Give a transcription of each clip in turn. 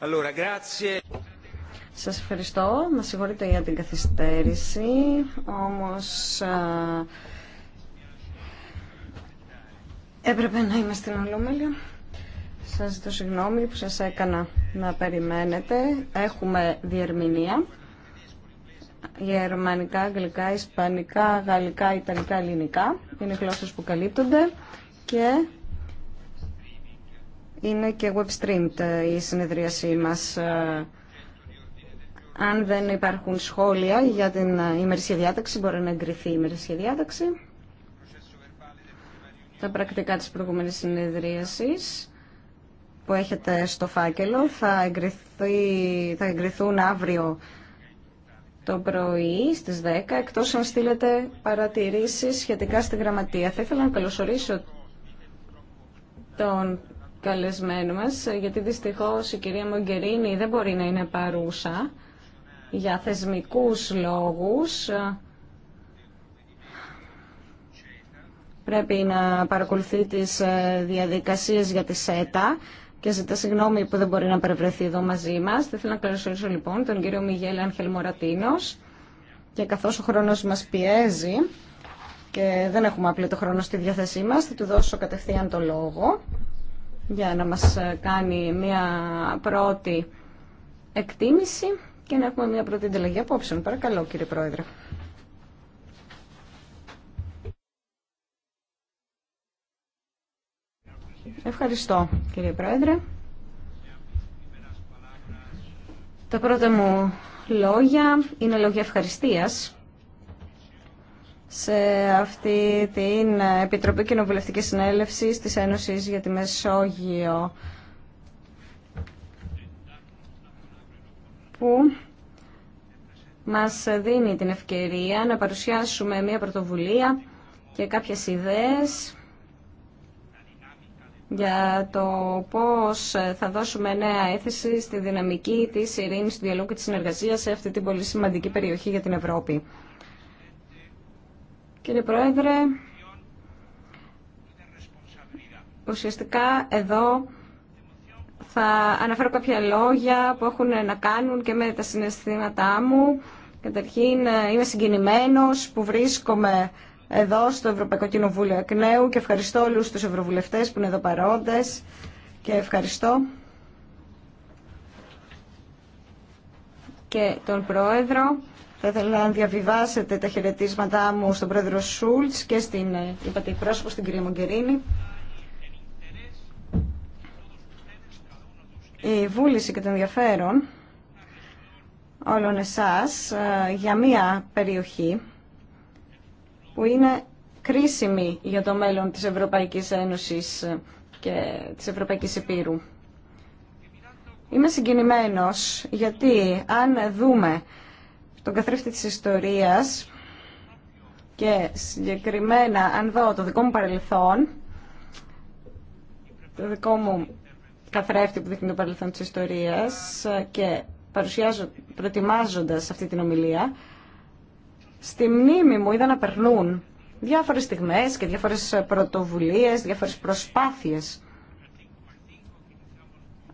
Σα Σας ευχαριστώ. Να συγχωρείτε για την καθυστέρηση, όμως α, έπρεπε να είμαι στην Ολομέλεια. Σας ζητώ συγγνώμη που σας έκανα να περιμένετε. Έχουμε διερμηνία γερμανικά, αγγλικά, ισπανικά, γαλλικά, ιταλικά, ελληνικά. Είναι γλώσσες που καλύπτονται και είναι και web streamed ε, η συνεδρίασή μας. Ε, αν δεν υπάρχουν σχόλια για την ε, ημερησία διάταξη, μπορεί να εγκριθεί η ημερησία διάταξη. Τα πρακτικά της προηγούμενης συνεδρίασης που έχετε στο φάκελο θα, εγκριθεί, θα εγκριθούν αύριο το πρωί στις 10, εκτός αν στείλετε παρατηρήσεις σχετικά στη γραμματεία. Θα ήθελα να καλωσορίσω τον καλεσμένο μας, γιατί δυστυχώς η κυρία Μογκερίνη δεν μπορεί να είναι παρούσα για θεσμικούς λόγους. Πρέπει να παρακολουθεί τις ε, διαδικασίες για τη ΣΕΤΑ και ζητά συγγνώμη που δεν μπορεί να παρευρεθεί εδώ μαζί μας. Θα ήθελα να καλωσορίσω λοιπόν τον κύριο Μιγέλη Άγχελ Μορατίνος και καθώς ο χρόνος μας πιέζει και δεν έχουμε απλή το χρόνο στη διάθεσή μας, θα του δώσω κατευθείαν το λόγο για να μας κάνει μια πρώτη εκτίμηση και να έχουμε μια πρώτη ανταλλαγή απόψεων. Παρακαλώ κύριε Πρόεδρε. Ευχαριστώ κύριε Πρόεδρε. Τα πρώτα μου λόγια είναι λόγια ευχαριστίας σε αυτή την Επιτροπή κοινοβουλευτική συνέλευση της Ένωσης για τη Μεσόγειο που μας δίνει την ευκαιρία να παρουσιάσουμε μια πρωτοβουλία και κάποιες ιδέες για το πώς θα δώσουμε νέα αίθηση στη δυναμική της ειρήνης, του διαλόγου και της συνεργασίας σε αυτή την πολύ σημαντική περιοχή για την Ευρώπη. Κύριε Πρόεδρε, ουσιαστικά εδώ θα αναφέρω κάποια λόγια που έχουν να κάνουν και με τα συναισθήματά μου. Καταρχήν είμαι συγκινημένος που βρίσκομαι εδώ στο Ευρωπαϊκό Κοινοβούλιο Εκνέου, και ευχαριστώ όλους τους ευρωβουλευτές που είναι εδώ παρόντες και ευχαριστώ και τον Πρόεδρο. Θα ήθελα να διαβιβάσετε τα χαιρετίσματά μου στον Πρόεδρο Σούλτς και στην είπατε, πρόσωπο στην κυρία Μογκερίνη. Η βούληση και το ενδιαφέρον όλων εσάς ε, για μία περιοχή που είναι κρίσιμη για το μέλλον της Ευρωπαϊκής Ένωσης και της Ευρωπαϊκής Επίρου. Είμαι συγκινημένος γιατί αν δούμε τον καθρέφτη της ιστορίας και συγκεκριμένα αν δω το δικό μου παρελθόν, το δικό μου καθρέφτη που δείχνει το παρελθόν της ιστορίας και παρουσιάζω, προετοιμάζοντας αυτή την ομιλία, στη μνήμη μου είδα να περνούν διάφορες στιγμές και διάφορες πρωτοβουλίες, διάφορες προσπάθειες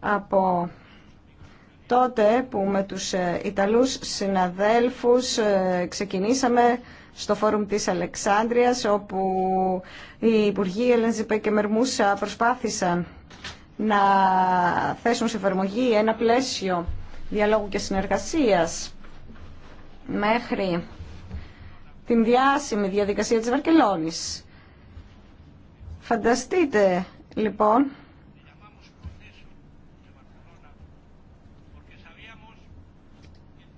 από τότε που με τους ε, Ιταλούς συναδέλφους ε, ξεκινήσαμε στο φόρουμ της Αλεξάνδρειας όπου οι Υπουργοί Ελενζιπέ και Μερμούσα προσπάθησαν να θέσουν σε εφαρμογή ένα πλαίσιο διαλόγου και συνεργασίας μέχρι την διάσημη διαδικασία της Βαρκελόνης. Φανταστείτε λοιπόν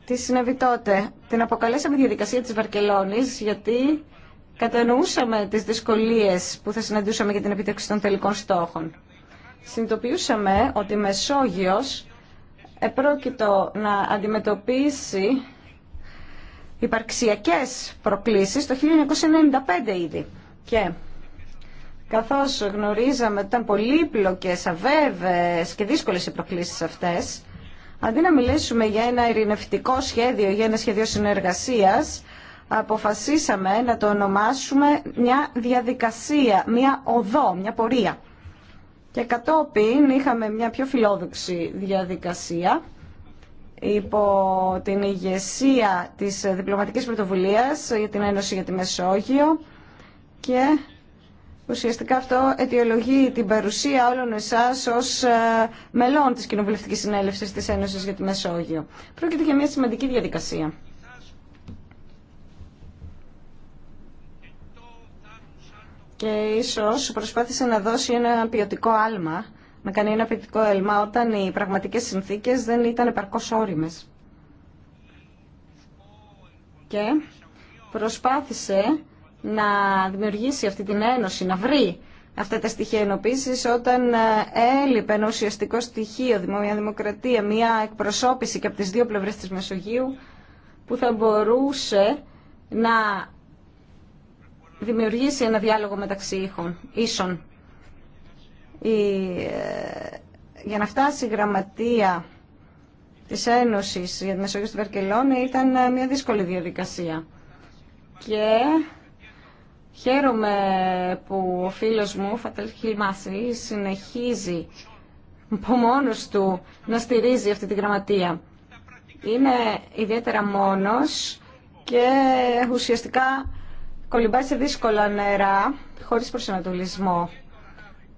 τι συνέβη τότε. Την αποκαλέσαμε διαδικασία της Βαρκελόνης γιατί κατανοούσαμε τις δυσκολίες που θα συναντούσαμε για την επίτευξη των τελικών στόχων. Συνειδητοποιούσαμε ότι η Μεσόγειος επρόκειτο να αντιμετωπίσει υπαρξιακές προκλήσεις το 1995 ήδη. Και καθώς γνωρίζαμε ότι ήταν πολύπλοκες, αβέβαιες και δύσκολες οι προκλήσεις αυτές, αντί να μιλήσουμε για ένα ειρηνευτικό σχέδιο, για ένα σχέδιο συνεργασίας, αποφασίσαμε να το ονομάσουμε μια διαδικασία, μια οδό, μια πορεία. Και κατόπιν είχαμε μια πιο φιλόδοξη διαδικασία υπό την ηγεσία της διπλωματικής πρωτοβουλίας για την Ένωση για τη Μεσόγειο και ουσιαστικά αυτό αιτιολογεί την παρουσία όλων εσάς ως ε, μελών της Κοινοβουλευτικής Συνέλευσης της Ένωσης για τη Μεσόγειο. Πρόκειται για μια σημαντική διαδικασία. Και ίσως προσπάθησε να δώσει ένα ποιοτικό άλμα να κάνει ένα ποιητικό έλμα όταν οι πραγματικές συνθήκες δεν ήταν επαρκώς όριμες. Και προσπάθησε να δημιουργήσει αυτή την ένωση, να βρει αυτά τα στοιχεία ενοποίηση όταν ε, έλειπε ένα ουσιαστικό στοιχείο, μια δημοκρατία, μια εκπροσώπηση και από τις δύο πλευρές της Μεσογείου που θα μπορούσε να δημιουργήσει ένα διάλογο μεταξύ ίσων. Ε, για να φτάσει η γραμματεία της Ένωσης για τη Μεσόγειο στη Βαρκελόνη ήταν ε, μια δύσκολη διαδικασία. Και χαίρομαι που ο φίλος μου, Φατέλ Χιλμάση, συνεχίζει από μόνος του να στηρίζει αυτή τη γραμματεία. Είναι ιδιαίτερα μόνος και ουσιαστικά κολυμπάει σε δύσκολα νερά χωρίς προσανατολισμό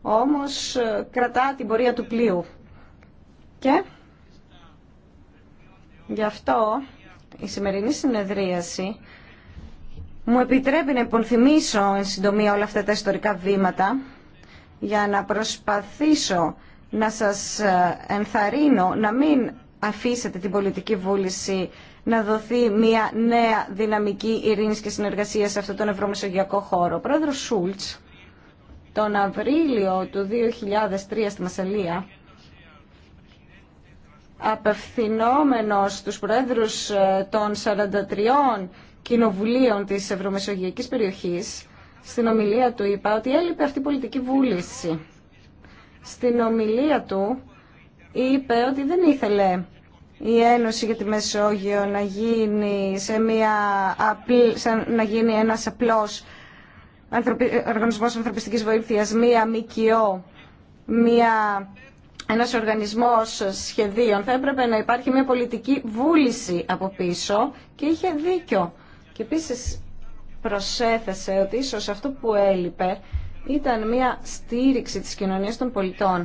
όμως ε, κρατά την πορεία του πλοίου. Και γι' αυτό η σημερινή συνεδρίαση μου επιτρέπει να υπονθυμίσω εν συντομία όλα αυτά τα ιστορικά βήματα για να προσπαθήσω να σας ε, ενθαρρύνω να μην αφήσετε την πολιτική βούληση να δοθεί μια νέα δυναμική ειρήνης και συνεργασία σε αυτόν τον ευρωμεσογειακό χώρο. Ο πρόεδρος τον Απρίλιο του 2003 στη Μασαλία, απευθυνόμενος στους πρόεδρους ε, των 43 κοινοβουλίων της Ευρωμεσογειακής περιοχής, στην ομιλία του είπα ότι έλειπε αυτή η πολιτική βούληση. Στην ομιλία του είπε ότι δεν ήθελε η Ένωση για τη Μεσόγειο να γίνει, σε μια, να γίνει ένας απλός Οργανισμός Ανθρωπιστικής Βοήθειας, μία ΜΚΟ, μία ένας οργανισμός σχεδίων, θα έπρεπε να υπάρχει μια πολιτική βούληση από πίσω και είχε δίκιο. Και επίσης προσέθεσε ότι ίσως αυτό που έλειπε ήταν μια ενας οργανισμος σχεδιων θα επρεπε να υπαρχει μια πολιτικη βουληση απο πισω και ειχε δικιο και επιση προσεθεσε οτι ισως αυτο που ελειπε ηταν μια στηριξη της κοινωνίας των πολιτών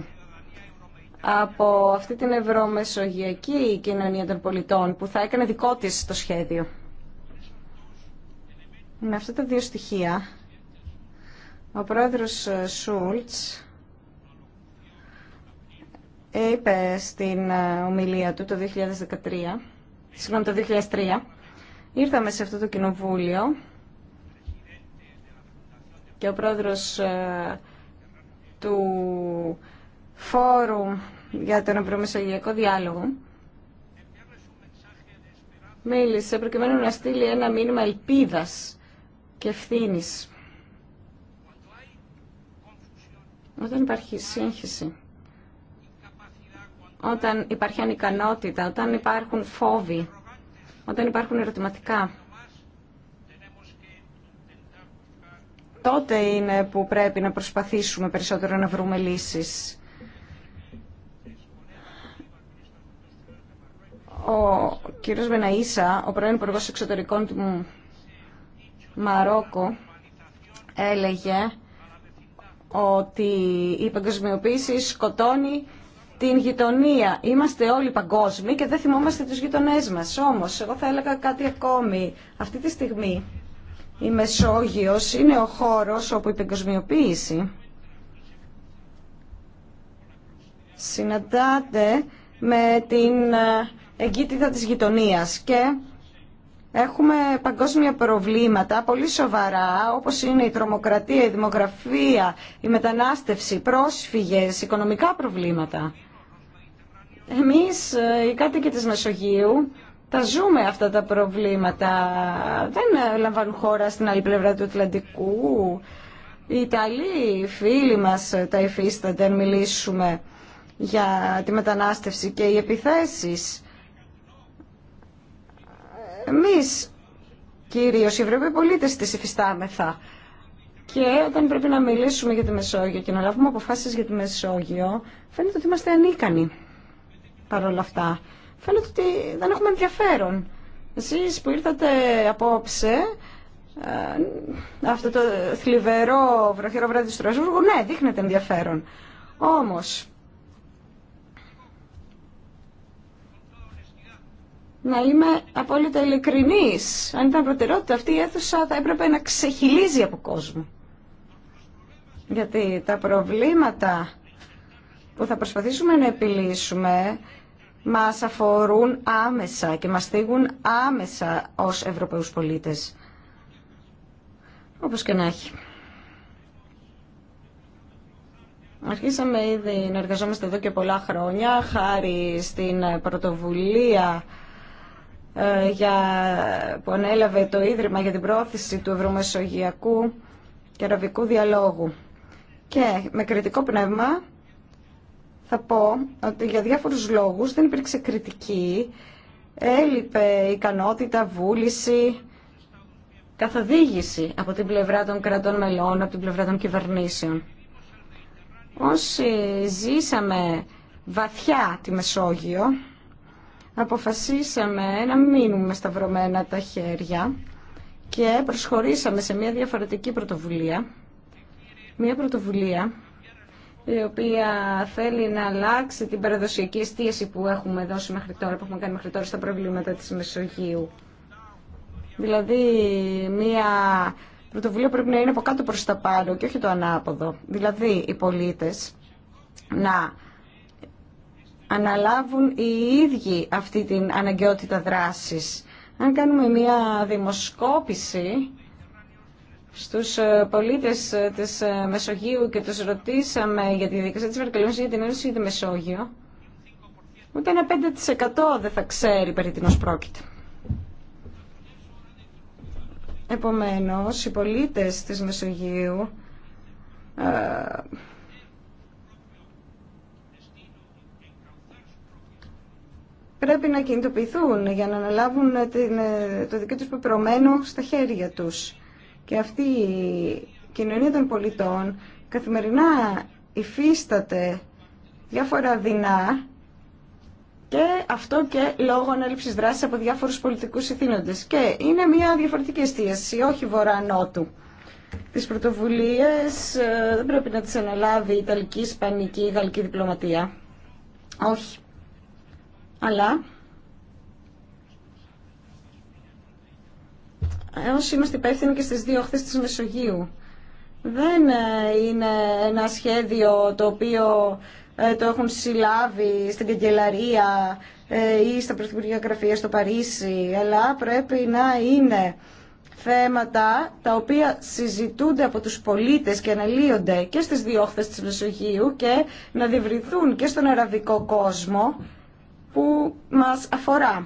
από αυτή την ευρωμεσογειακή κοινωνία των πολιτών που θα έκανε δικό της το σχέδιο. Με αυτά τα δύο στοιχεία ο πρόεδρος ε, Σούλτς είπε στην ε, ομιλία του το 2013, συγγνώμη το 2003, ήρθαμε σε αυτό το κοινοβούλιο και ο πρόεδρος ε, του Φόρου για τον Ευρωμεσογειακό Διάλογο μίλησε προκειμένου να στείλει ένα μήνυμα ελπίδας και ευθύνης Όταν υπάρχει σύγχυση, όταν υπάρχει ανικανότητα, όταν υπάρχουν φόβοι, όταν υπάρχουν ερωτηματικά, τότε είναι που πρέπει να προσπαθήσουμε περισσότερο να βρούμε λύσεις. Ο κύριος Βεναΐσα, ο πρώην Υπουργός Εξωτερικών του Μαρόκο, έλεγε ότι η παγκοσμιοποίηση σκοτώνει την γειτονία. Είμαστε όλοι παγκόσμοι και δεν θυμόμαστε τους γειτονές μας. Όμως, εγώ θα έλεγα κάτι ακόμη. Αυτή τη στιγμή η Μεσόγειος είναι ο χώρος όπου η παγκοσμιοποίηση συναντάται με την ε, εγκύτητα της γειτονίας και Έχουμε παγκόσμια προβλήματα, πολύ σοβαρά, όπως είναι η τρομοκρατία, η δημογραφία, η μετανάστευση, πρόσφυγες, οικονομικά προβλήματα. Εμείς, ε, οι κάτοικοι της Μεσογείου, τα ζούμε αυτά τα προβλήματα. Δεν ε, λαμβάνουν χώρα στην άλλη πλευρά του Ατλαντικού. Οι Ιταλοί, φίλοι μας, ε, τα υφίστανται, αν μιλήσουμε για τη μετανάστευση και οι επιθέσεις εμείς, κυρίως οι Ευρωπαίοι πολίτες, τις υφιστάμεθα. Και όταν πρέπει να μιλήσουμε για τη Μεσόγειο και να λάβουμε αποφάσεις για τη Μεσόγειο, φαίνεται ότι είμαστε ανίκανοι παρόλα αυτά. Φαίνεται ότι δεν έχουμε ενδιαφέρον. Εσείς που ήρθατε απόψε, ε, αυτό το θλιβερό βροχερό βράδυ του ναι, δείχνεται ενδιαφέρον. Όμως, να είμαι απόλυτα ειλικρινής. Αν ήταν προτεραιότητα αυτή η αίθουσα θα έπρεπε να ξεχυλίζει από κόσμο. Γιατί τα προβλήματα που θα προσπαθήσουμε να επιλύσουμε μας αφορούν άμεσα και μας θίγουν άμεσα ως Ευρωπαίους πολίτες. Όπως και να έχει. Αρχίσαμε ήδη να εργαζόμαστε εδώ και πολλά χρόνια χάρη στην πρωτοβουλία ε, για, που ανέλαβε το Ίδρυμα για την πρόθεση του ευρωμεσογειακού και αραβικού διαλόγου. Και με κριτικό πνεύμα θα πω ότι για διάφορους λόγους δεν υπήρξε κριτική, έλειπε ικανότητα, βούληση, καθοδήγηση από την πλευρά των κρατών μελών, από την πλευρά των κυβερνήσεων. Όσοι ζήσαμε βαθιά τη Μεσόγειο, αποφασίσαμε να μείνουμε σταυρωμένα τα χέρια και προσχωρήσαμε σε μια διαφορετική πρωτοβουλία. Μια πρωτοβουλία η οποία θέλει να αλλάξει την παραδοσιακή εστίαση που έχουμε δώσει μέχρι τώρα, που έχουμε κάνει μέχρι τώρα στα προβλήματα της Μεσογείου. Δηλαδή, μια πρωτοβουλία πρέπει να είναι από κάτω προς τα πάνω και όχι το ανάποδο. Δηλαδή, οι πολίτες να αναλάβουν οι ίδιοι αυτή την αναγκαιότητα δράσης. Αν κάνουμε μια δημοσκόπηση στους ε, πολίτες ε, της ε, Μεσογείου και τους ρωτήσαμε για τη δικασία της Βαρκελόνης για την Ένωση ή τη Μεσόγειο, ούτε ένα 5% δεν θα ξέρει περί τίνος πρόκειται. Επομένως, οι πολίτες της Μεσογείου πρέπει να κινητοποιηθούν για να αναλάβουν ε, το δικό τους πεπρωμένο στα χέρια τους. Και αυτή η κοινωνία των πολιτών καθημερινά υφίσταται διάφορα δεινά και αυτό και λόγω ανάληψης δράσης από διάφορους πολιτικούς ηθήνοντες. Και είναι μια διαφορετική εστίαση, όχι βορρά-νότου. Τις πρωτοβουλίες ε, δεν πρέπει να τις αναλάβει η Ιταλική, Ισπανική, Γαλλική διπλωματία. Όχι αλλά όσοι είμαστε υπεύθυνοι και στις δύο χθες της Μεσογείου. Δεν ε, είναι ένα σχέδιο το οποίο ε, το έχουν συλλάβει στην καγκελαρία ε, ή στα πρωθυπουργικά γραφεία στο Παρίσι, αλλά πρέπει να είναι θέματα τα οποία συζητούνται από τους πολίτες και αναλύονται και στις διόχθες της Μεσογείου και να διευρυνθούν και στον αραβικό κόσμο που μας αφορά.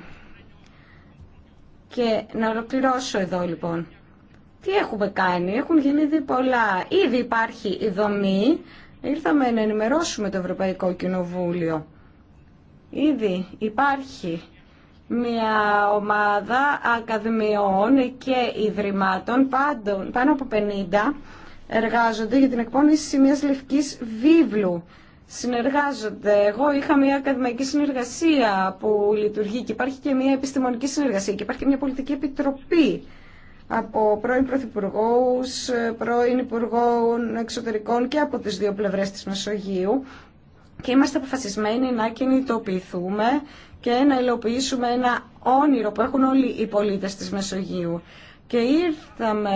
Και να ολοκληρώσω εδώ λοιπόν. Τι έχουμε κάνει, έχουν γίνει ήδη πολλά. Ήδη υπάρχει η δομή, ήρθαμε να ενημερώσουμε το Ευρωπαϊκό Κοινοβούλιο. Ήδη υπάρχει μια ομάδα ακαδημιών και ιδρυμάτων, πάνω από 50, εργάζονται για την εκπόνηση μιας λευκής βίβλου συνεργάζονται. Εγώ είχα μια ακαδημαϊκή συνεργασία που λειτουργεί και υπάρχει και μια επιστημονική συνεργασία και υπάρχει και μια πολιτική επιτροπή από πρώην Πρωθυπουργού, πρώην Υπουργών Εξωτερικών και από τις δύο πλευρές της Μεσογείου και είμαστε αποφασισμένοι να κινητοποιηθούμε και να υλοποιήσουμε ένα όνειρο που έχουν όλοι οι πολίτες της Μεσογείου και ήρθαμε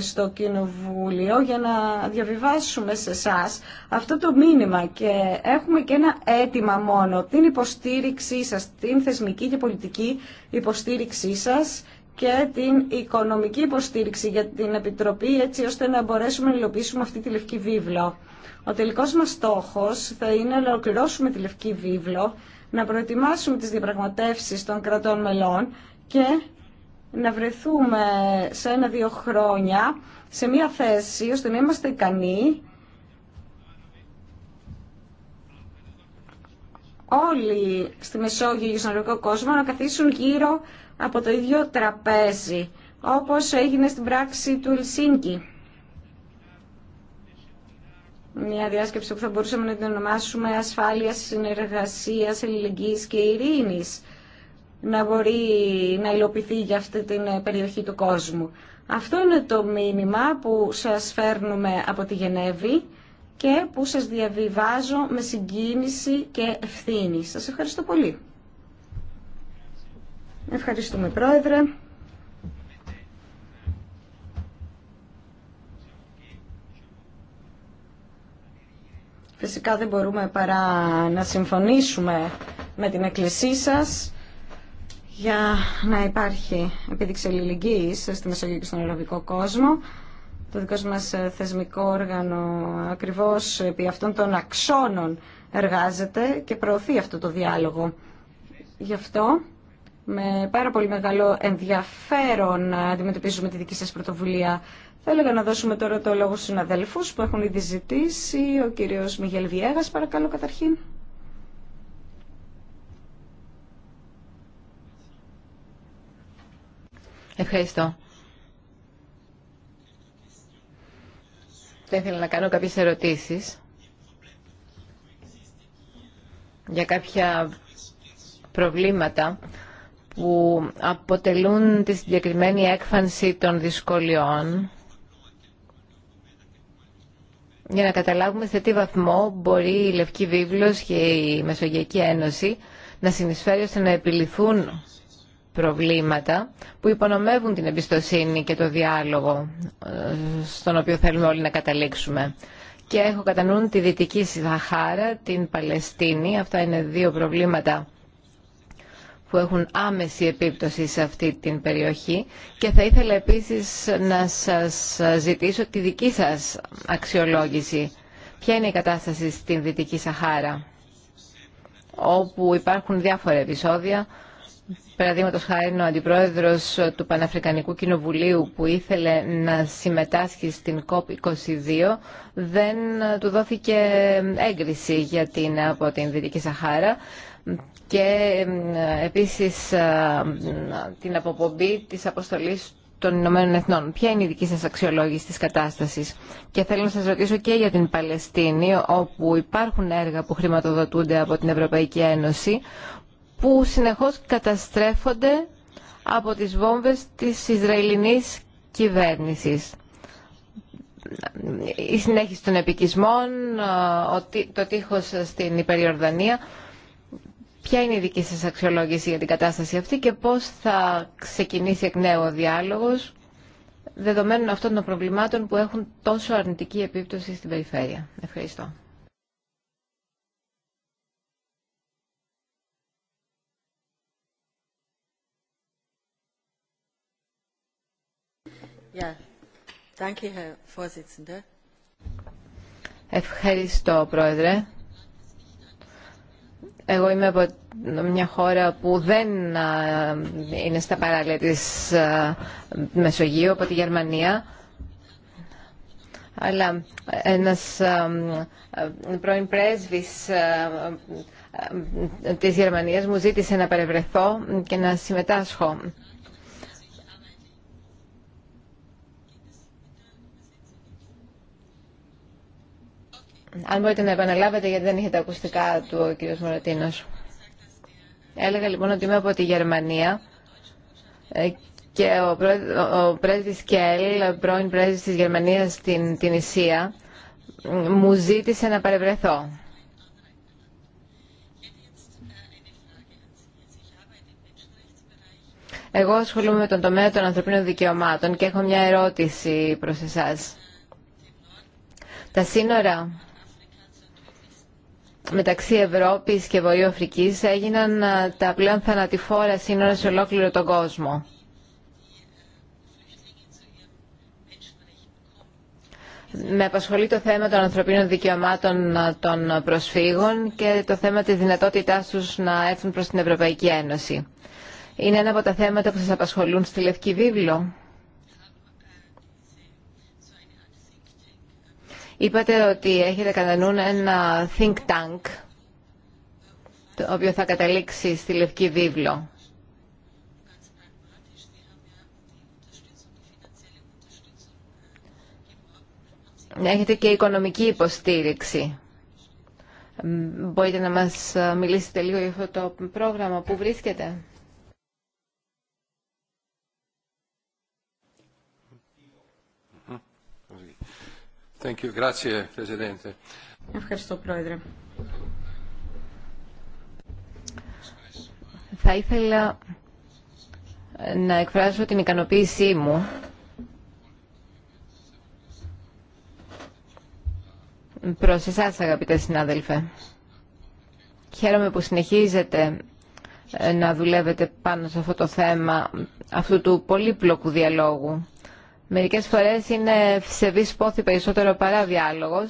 στο Κοινοβούλιο για να διαβιβάσουμε σε εσά αυτό το μήνυμα και έχουμε και ένα αίτημα μόνο, την υποστήριξή σας, την θεσμική και πολιτική υποστήριξή σας και την οικονομική υποστήριξη για την Επιτροπή έτσι ώστε να μπορέσουμε να υλοποιήσουμε αυτή τη Λευκή Βίβλο. Ο τελικός μας στόχος θα είναι να ολοκληρώσουμε τη Λευκή Βίβλο, να προετοιμάσουμε τις διαπραγματεύσεις των κρατών μελών και να βρεθούμε σε ένα-δύο χρόνια σε μια θέση ώστε να είμαστε ικανοί όλοι στη Μεσόγειο και στον Ευρωπαϊκό κόσμο να καθίσουν γύρω από το ίδιο τραπέζι, όπως έγινε στην πράξη του Ελσίνκη. Μια διάσκεψη που θα μπορούσαμε να την ονομάσουμε ασφάλεια, συνεργασία, ελληνικής και ειρήνης να μπορεί να υλοποιηθεί για αυτή την ε, περιοχή του κόσμου. Αυτό είναι το μήνυμα που σας φέρνουμε από τη Γενέβη και που σας διαβιβάζω με συγκίνηση και ευθύνη. Σας ευχαριστώ πολύ. Ευχαριστούμε Πρόεδρε. Φυσικά δεν μπορούμε παρά να συμφωνήσουμε με την εκκλησία σας για να υπάρχει επίδειξη αλληλεγγύης στη Μεσογείο και στον Αραβικό κόσμο. Το δικό μας ε, θεσμικό όργανο ακριβώς επί αυτών των αξώνων εργάζεται και προωθεί αυτό το διάλογο. Γι' αυτό με πάρα πολύ μεγάλο ενδιαφέρον να αντιμετωπίζουμε τη δική σας πρωτοβουλία. Θα έλεγα να δώσουμε τώρα το λόγο στους συναδέλφους που έχουν ήδη ζητήσει. Ο κύριος Μιγελ Βιέγας, παρακαλώ καταρχήν. Ευχαριστώ. Θα ήθελα να κάνω κάποιες ερωτήσεις για κάποια προβλήματα που αποτελούν τη συγκεκριμένη έκφανση των δυσκολιών για να καταλάβουμε σε τι βαθμό μπορεί η Λευκή Βίβλος και η Μεσογειακή Ένωση να συνεισφέρει ώστε να επιληθούν προβλήματα που υπονομεύουν την εμπιστοσύνη και το διάλογο ε, στον οποίο θέλουμε όλοι να καταλήξουμε. Και έχω κατά νου τη Δυτική Σαχάρα, την Παλαιστίνη. Αυτά είναι δύο προβλήματα που έχουν άμεση επίπτωση σε αυτή την περιοχή και θα ήθελα επίσης να σας ζητήσω τη δική σας αξιολόγηση. Ποια είναι η κατάσταση στην Δυτική Σαχάρα, όπου υπάρχουν διάφορα επεισόδια Παραδείγματο χάρη ο αντιπρόεδρος του Παναφρικανικού Κοινοβουλίου που ήθελε να συμμετάσχει στην COP22 δεν του δόθηκε έγκριση γιατί είναι από την Δυτική Σαχάρα και επίσης την αποπομπή της αποστολής των Ηνωμένων Εθνών. Ποια είναι η δική σας αξιολόγηση της κατάστασης. Και θέλω να σας ρωτήσω και για την Παλαιστίνη, όπου υπάρχουν έργα που χρηματοδοτούνται από την Ευρωπαϊκή Ένωση, που συνεχώς καταστρέφονται από τις βόμβες της Ισραηλινής κυβέρνησης. Η συνέχιση των επικισμών, το τείχος στην Υπεριορδανία. Ποια είναι η δική σας αξιολόγηση για την κατάσταση αυτή και πώς θα ξεκινήσει εκ νέου ο διάλογος δεδομένων αυτών των προβλημάτων που έχουν τόσο αρνητική επίπτωση στην περιφέρεια. Ευχαριστώ. Ευχαριστώ, Πρόεδρε. Εγώ είμαι από μια χώρα που δεν είναι στα παράλληλα της Μεσογείου, από τη Γερμανία. Αλλά ένας πρώην πρέσβης της Γερμανίας μου ζήτησε να παρευρεθώ και να συμμετάσχω. Αν μπορείτε να επαναλάβετε γιατί δεν είχε τα ακουστικά του ο κ. Μωρατίνος. Έλεγα λοιπόν ότι είμαι από τη Γερμανία ε, και ο, ο Κέλ, πρώην πρέσβης της Γερμανίας στην την Ισία, μου ζήτησε να παρευρεθώ. Εγώ ασχολούμαι με τον τομέα των ανθρωπίνων δικαιωμάτων και έχω μια ερώτηση προς εσάς. Τα σύνορα μεταξύ Ευρώπης και Βορείου Αφρικής έγιναν ε, τα πλέον θανατηφόρα σύνορα σε ολόκληρο τον κόσμο. Με απασχολεί το θέμα των ανθρωπίνων δικαιωμάτων ε, των προσφύγων και το θέμα της δυνατότητάς τους να έρθουν προς την Ευρωπαϊκή Ένωση. Είναι ένα από τα θέματα που σας απασχολούν στη Λευκή Βίβλο. Είπατε ότι έχετε κατά νου ένα think tank, το οποίο θα καταλήξει στη Λευκή Βίβλο. Έχετε και οικονομική υποστήριξη. Μπορείτε να μας μιλήσετε λίγο για αυτό το πρόγραμμα που βρίσκεται. Ευχαριστώ, Πρόεδρε. Θα ήθελα να εκφράσω την ικανοποίησή μου προς εσάς, αγαπητέ συνάδελφε. Χαίρομαι που συνεχίζετε ε, να δουλεύετε πάνω σε αυτό το θέμα αυτού του πολύπλοκου διαλόγου Μερικέ φορέ είναι ψευδή πόθη περισσότερο παρά διάλογο,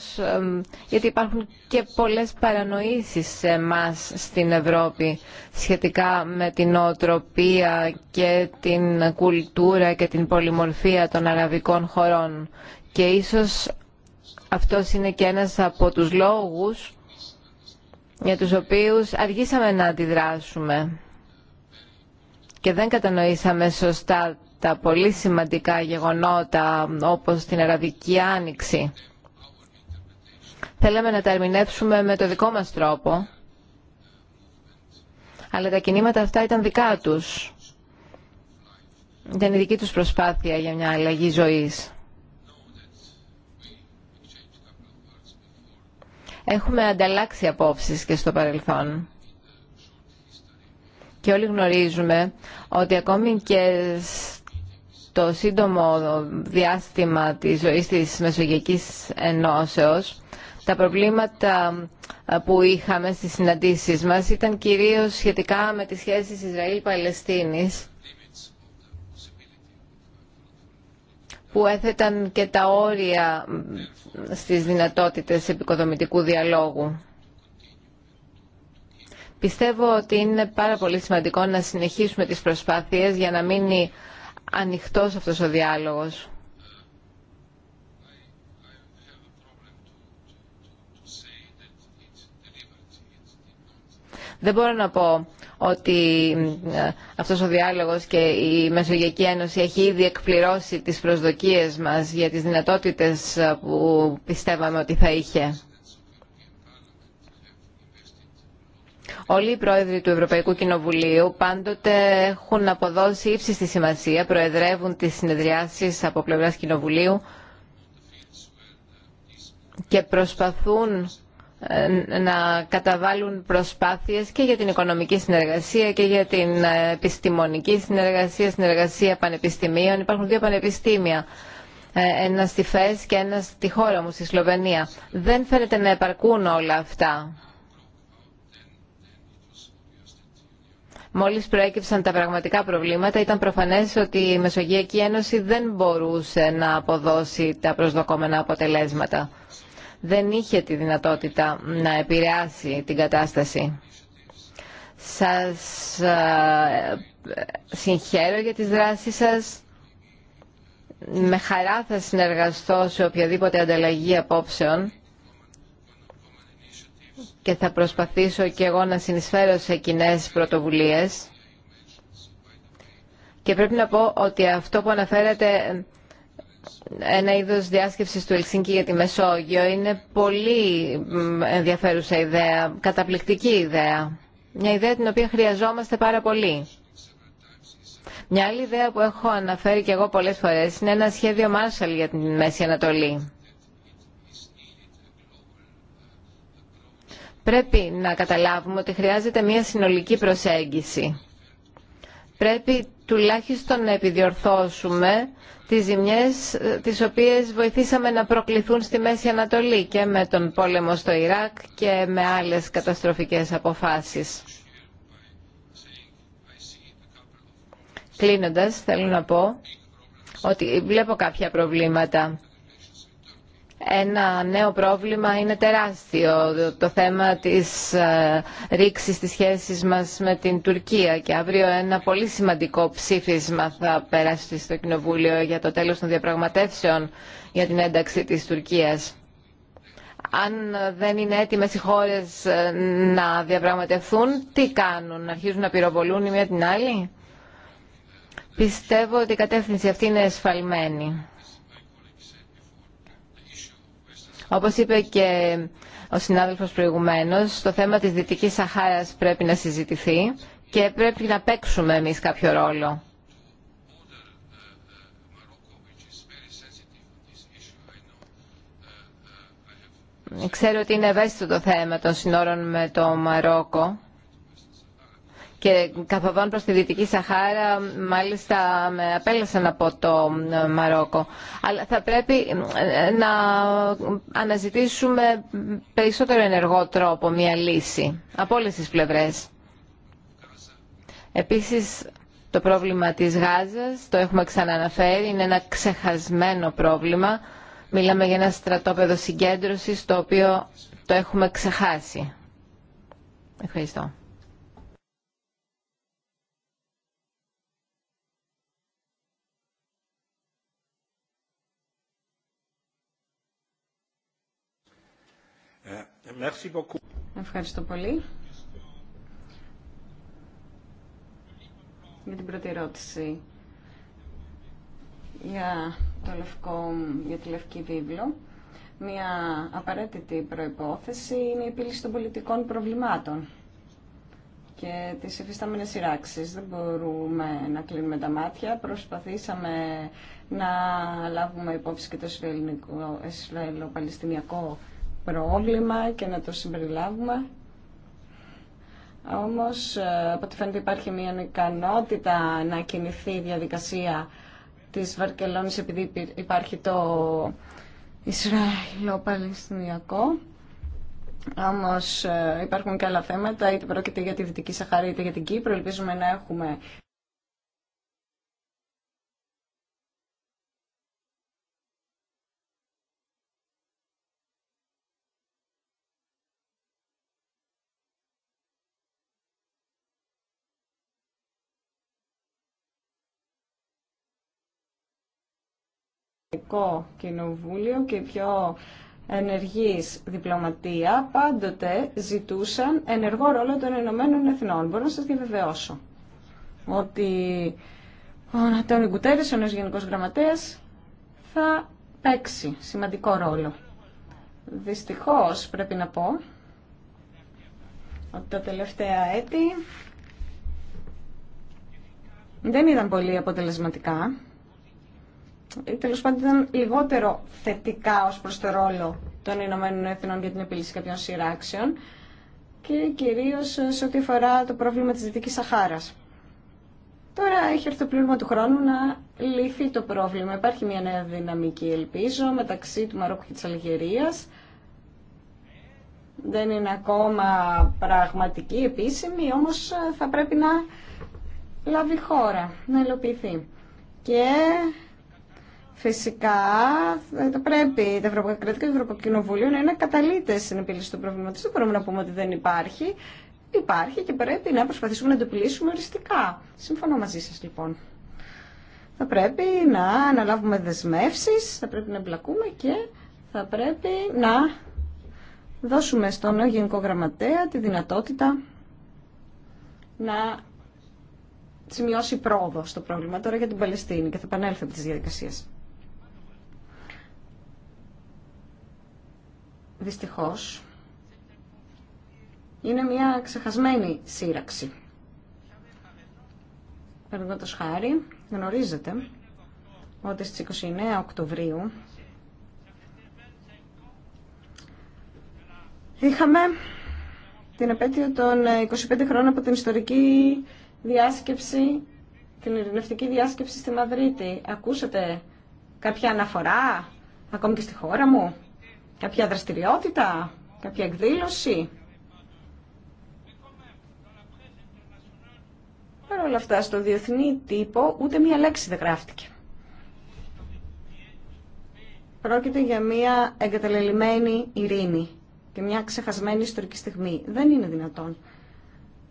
γιατί υπάρχουν και πολλές παρανοήσεις σε εμά στην Ευρώπη σχετικά με την οτροπία και την κουλτούρα και την πολυμορφία των αραβικών χωρών. Και ίσως αυτό είναι και ένας από τους λόγους για τους οποίους αργήσαμε να αντιδράσουμε και δεν κατανοήσαμε σωστά τα πολύ σημαντικά γεγονότα όπως την Αραβική Άνοιξη. Θέλαμε να τα ερμηνεύσουμε με το δικό μας τρόπο, αλλά τα κινήματα αυτά ήταν δικά τους. Ήταν η δική τους προσπάθεια για μια αλλαγή ζωής. Έχουμε ανταλλάξει απόψεις και στο παρελθόν. Και όλοι γνωρίζουμε ότι ακόμη και το σύντομο διάστημα της ζωής της Μεσογειακής Ενώσεως, τα προβλήματα ε, που είχαμε στις συναντήσεις μας ήταν κυρίως σχετικά με τις σχέσεις Ισραήλ-Παλαιστίνης που έθεταν και τα όρια στις δυνατότητες επικοδομητικού διαλόγου. Πιστεύω ότι είναι πάρα πολύ σημαντικό να συνεχίσουμε τις προσπάθειες για να μείνει ανοιχτός αυτός ο διάλογος. Δεν μπορώ να πω ότι αυτός ο διάλογος και η Μεσογειακή Ένωση έχει ήδη εκπληρώσει τις προσδοκίες μας για τις δυνατότητες ε, που πιστεύαμε ότι θα είχε. Όλοι οι πρόεδροι του Ευρωπαϊκού Κοινοβουλίου πάντοτε έχουν αποδώσει ύψιστη σημασία, προεδρεύουν τις συνεδριάσεις από πλευράς Κοινοβουλίου και προσπαθούν ε, να καταβάλουν προσπάθειες και για την οικονομική συνεργασία και για την ε, επιστημονική συνεργασία, συνεργασία πανεπιστημίων. Υπάρχουν δύο πανεπιστήμια, ε, ένα στη ΦΕΣ και ένα στη χώρα μου, στη Σλοβενία. Δεν φαίνεται να επαρκούν όλα αυτά. Μόλις προέκυψαν τα πραγματικά προβλήματα, ήταν προφανές ότι η Μεσογειακή Ένωση δεν μπορούσε να αποδώσει τα προσδοκόμενα αποτελέσματα. Δεν είχε τη δυνατότητα να επηρεάσει την κατάσταση. Σας ε, συγχαίρω για τις δράσεις σας. Με χαρά θα συνεργαστώ σε οποιαδήποτε ανταλλαγή απόψεων και θα προσπαθήσω και εγώ να συνεισφέρω σε κοινέ πρωτοβουλίες. Και πρέπει να πω ότι αυτό που αναφέρατε ένα είδος διάσκεψης του Ελσίνκη για τη Μεσόγειο είναι πολύ ενδιαφέρουσα ιδέα, καταπληκτική ιδέα. Μια ιδέα την οποία χρειαζόμαστε πάρα πολύ. Μια άλλη ιδέα που έχω αναφέρει και εγώ πολλές φορές είναι ένα σχέδιο Marshall για τη Μέση Ανατολή. Πρέπει να καταλάβουμε ότι χρειάζεται μια συνολική προσέγγιση. Πρέπει τουλάχιστον να επιδιορθώσουμε τις ζημιές ε, τις οποίες βοηθήσαμε να προκληθούν στη Μέση Ανατολή και με τον πόλεμο στο Ιράκ και με άλλες καταστροφικές αποφάσεις. Κλείνοντας, θέλω να πω ότι βλέπω κάποια προβλήματα ένα νέο πρόβλημα είναι τεράστιο το θέμα της ε, ρήξης της σχέσης μας με την Τουρκία και αύριο ένα πολύ σημαντικό ψήφισμα θα περάσει στο Κοινοβούλιο για το τέλος των διαπραγματεύσεων για την ένταξη της Τουρκίας. Αν δεν είναι έτοιμες οι χώρες ε, να διαπραγματευθούν, τι κάνουν, αρχίζουν να πυροβολούν η μία την άλλη. Πιστεύω ότι η κατεύθυνση αυτή είναι εσφαλμένη. Όπω είπε και ο συνάδελφο προηγουμένω, το θέμα τη δυτική Σαχάρα πρέπει να συζητηθεί και πρέπει να παίξουμε εμεί κάποιο ρόλο. Ξέρω ότι είναι ευαίσθητο το θέμα των συνόρων με το Μαρόκο και καθοδόν προς τη Δυτική Σαχάρα μάλιστα με απέλασαν από το ε, Μαρόκο. Αλλά θα πρέπει ε, να αναζητήσουμε περισσότερο ενεργό τρόπο μια λύση από όλες τις πλευρές. Επίσης το πρόβλημα της Γάζας, το έχουμε ξαναναφέρει, είναι ένα ξεχασμένο πρόβλημα. Μιλάμε για ένα στρατόπεδο συγκέντρωσης το οποίο το έχουμε ξεχάσει. Ευχαριστώ. Ευχαριστώ πολύ. Για την πρώτη ερώτηση για, το λευκό, για τη Λευκή Βίβλο. Μια απαραίτητη προϋπόθεση είναι η επίλυση των πολιτικών προβλημάτων και τις εφιστάμενες σειράξεις. Δεν μπορούμε να κλείνουμε τα μάτια. Προσπαθήσαμε να λάβουμε υπόψη και το εσφαιλο πρόβλημα και να το συμπεριλάβουμε. Όμως, ε, από ό,τι φαίνεται υπάρχει μια ικανότητα να κινηθεί η διαδικασία της Βαρκελόνης επειδή υπάρχει το Ισραηλο-Παλαιστινιακό. Όμω ε, υπάρχουν και άλλα θέματα, είτε πρόκειται για τη Δυτική Σαχαρή είτε για την Κύπρο. Ελπίζουμε να έχουμε Ευρωπαϊκό Κοινοβούλιο και πιο ενεργής διπλωματία πάντοτε ζητούσαν ενεργό ρόλο των Ηνωμένων Εθνών. Μπορώ να σας διαβεβαιώσω ότι ο Νατώνη Κουτέρης, ο νέος Γενικός Γραμματέας, θα παίξει σημαντικό ρόλο. Δυστυχώς πρέπει να πω ότι τα τελευταία έτη δεν ήταν πολύ αποτελεσματικά τέλο πάντων ήταν λιγότερο θετικά ω προ το ρόλο των Ηνωμένων Εθνών για την επίλυση κάποιων σειράξεων και κυρίως σε ό,τι αφορά το πρόβλημα της Δυτική Σαχάρας. Τώρα έχει έρθει το πλήρωμα του χρόνου να λυθεί το πρόβλημα. Υπάρχει μια νέα δυναμική, ελπίζω, μεταξύ του Μαρόκου και τη Αλγερία. Δεν είναι ακόμα πραγματική, επίσημη, όμως θα πρέπει να λάβει χώρα, να υλοποιηθεί. Και Φυσικά θα πρέπει τα Ευρωπαϊκά και το Ευρωπαϊκό Κοινοβούλιο να είναι καταλήτε στην επίλυση του προβλήματο. Δεν μπορούμε να πούμε ότι δεν υπάρχει. Υπάρχει και πρέπει να προσπαθήσουμε να το επιλύσουμε οριστικά. Συμφωνώ μαζί σα λοιπόν. Θα πρέπει να αναλάβουμε δεσμεύσει, θα πρέπει να εμπλακούμε και θα πρέπει να δώσουμε στον Γενικό Γραμματέα τη δυνατότητα να σημειώσει πρόοδο στο πρόβλημα τώρα για την Παλαιστίνη και θα επανέλθω από τις διαδικασίες. δυστυχώς είναι μια ξεχασμένη σύραξη. Παραδείγματος χάρη, γνωρίζετε ότι στις 29 Οκτωβρίου είχαμε την επέτειο των 25 χρόνων από την ιστορική διάσκεψη, την ειρηνευτική διάσκεψη στη Μαδρίτη. Ακούσατε κάποια αναφορά, ακόμη και στη χώρα μου, Κάποια δραστηριότητα, κάποια εκδήλωση. Παρ' όλα αυτά, στο διεθνή τύπο ούτε μία λέξη δεν γράφτηκε. Πρόκειται για μία εγκαταλελειμμένη ειρήνη και μία ξεχασμένη ιστορική στιγμή. Δεν είναι δυνατόν.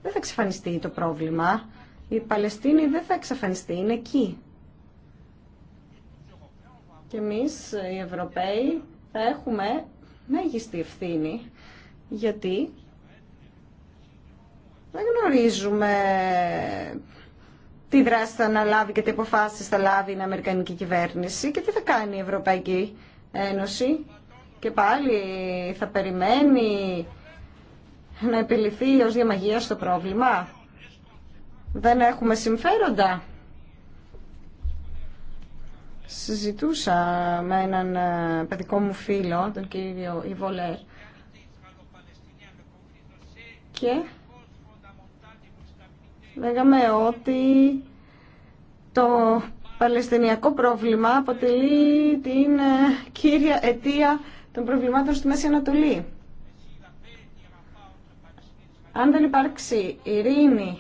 Δεν θα εξαφανιστεί το πρόβλημα. Η Παλαιστίνη δεν θα εξαφανιστεί. Είναι εκεί. Και εμείς, οι Ευρωπαίοι, θα έχουμε μέγιστη ευθύνη γιατί δεν γνωρίζουμε τι δράση θα αναλάβει και τι αποφάσεις θα λάβει η Αμερικανική κυβέρνηση και τι θα κάνει η Ευρωπαϊκή Ένωση και πάλι θα περιμένει να επιληθεί ως διαμαγεία στο πρόβλημα. Δεν έχουμε συμφέροντα συζητούσα με έναν ε, παιδικό μου φίλο, τον κύριο Ιβολέρ, και λέγαμε ότι το Παλαιστινιακό πρόβλημα αποτελεί την ε, κύρια αιτία των προβλημάτων στη Μέση Ανατολή. Αν δεν υπάρξει ειρήνη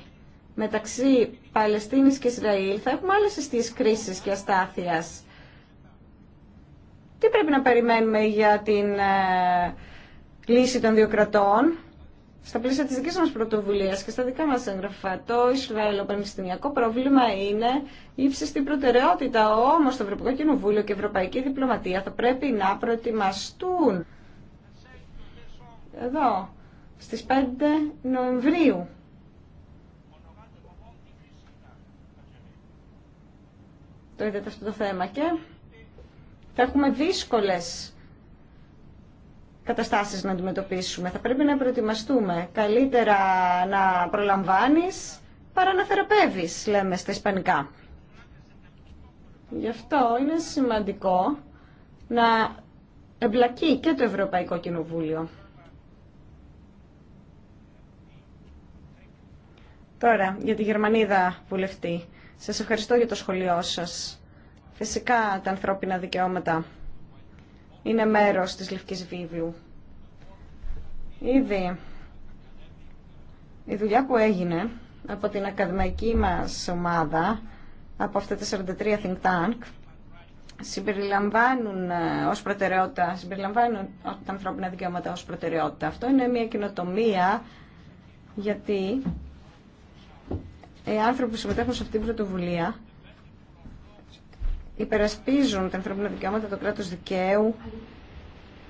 μεταξύ Παλαιστίνης και Ισραήλ θα έχουμε άλλες αισθήσεις κρίσης και αστάθειας. Τι πρέπει να περιμένουμε για την ε, λύση των δύο κρατών στα πλαίσια της δικής μας πρωτοβουλίας και στα δικά μας έγγραφα. Το Ισραηλο-Πανεπιστημιακό πρόβλημα είναι ύψιστη προτεραιότητα. Όμως το Ευρωπαϊκό Κοινοβούλιο και η Ευρωπαϊκή Διπλωματία θα πρέπει να προετοιμαστούν. Εδώ, στις 5 Νοεμβρίου το είδατε αυτό το θέμα και θα έχουμε δύσκολες καταστάσεις να αντιμετωπίσουμε. Θα πρέπει να προετοιμαστούμε. Καλύτερα να προλαμβάνεις παρά να θεραπεύεις, λέμε στα ισπανικά. Γι' αυτό είναι σημαντικό να εμπλακεί και το Ευρωπαϊκό Κοινοβούλιο. Τώρα, για τη Γερμανίδα βουλευτή. Σας ευχαριστώ για το σχολείο σας. Φυσικά τα ανθρώπινα δικαιώματα είναι μέρος της Λευκής Βίβλου. Ήδη η δουλειά που έγινε από την ακαδημαϊκή μας ομάδα, από αυτά τα 43 think tank, συμπεριλαμβάνουν ε, ως προτεραιότητα, συμπεριλαμβάνουν τα ανθρώπινα δικαιώματα ως προτεραιότητα. Αυτό είναι μια κοινοτομία γιατί οι ε, άνθρωποι που συμμετέχουν σε αυτήν την πρωτοβουλία υπερασπίζουν τα ανθρώπινα δικαιώματα, το κράτος δικαίου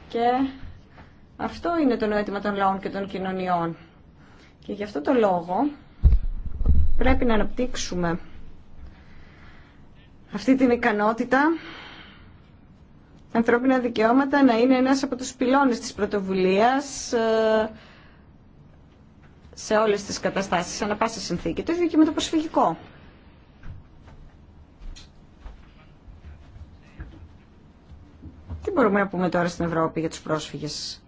και αυτό είναι το νόημα των λαών και των κοινωνιών. Και γι' αυτό το λόγο πρέπει να αναπτύξουμε αυτή την ικανότητα ανθρώπινα δικαιώματα να είναι ένας από τους πυλώνες της πρωτοβουλίας ε, σε όλες τις καταστάσεις, ανά πάσα συνθήκη. Το ίδιο και με το προσφυγικό. Τι μπορούμε να πούμε τώρα στην Ευρώπη για τους πρόσφυγες.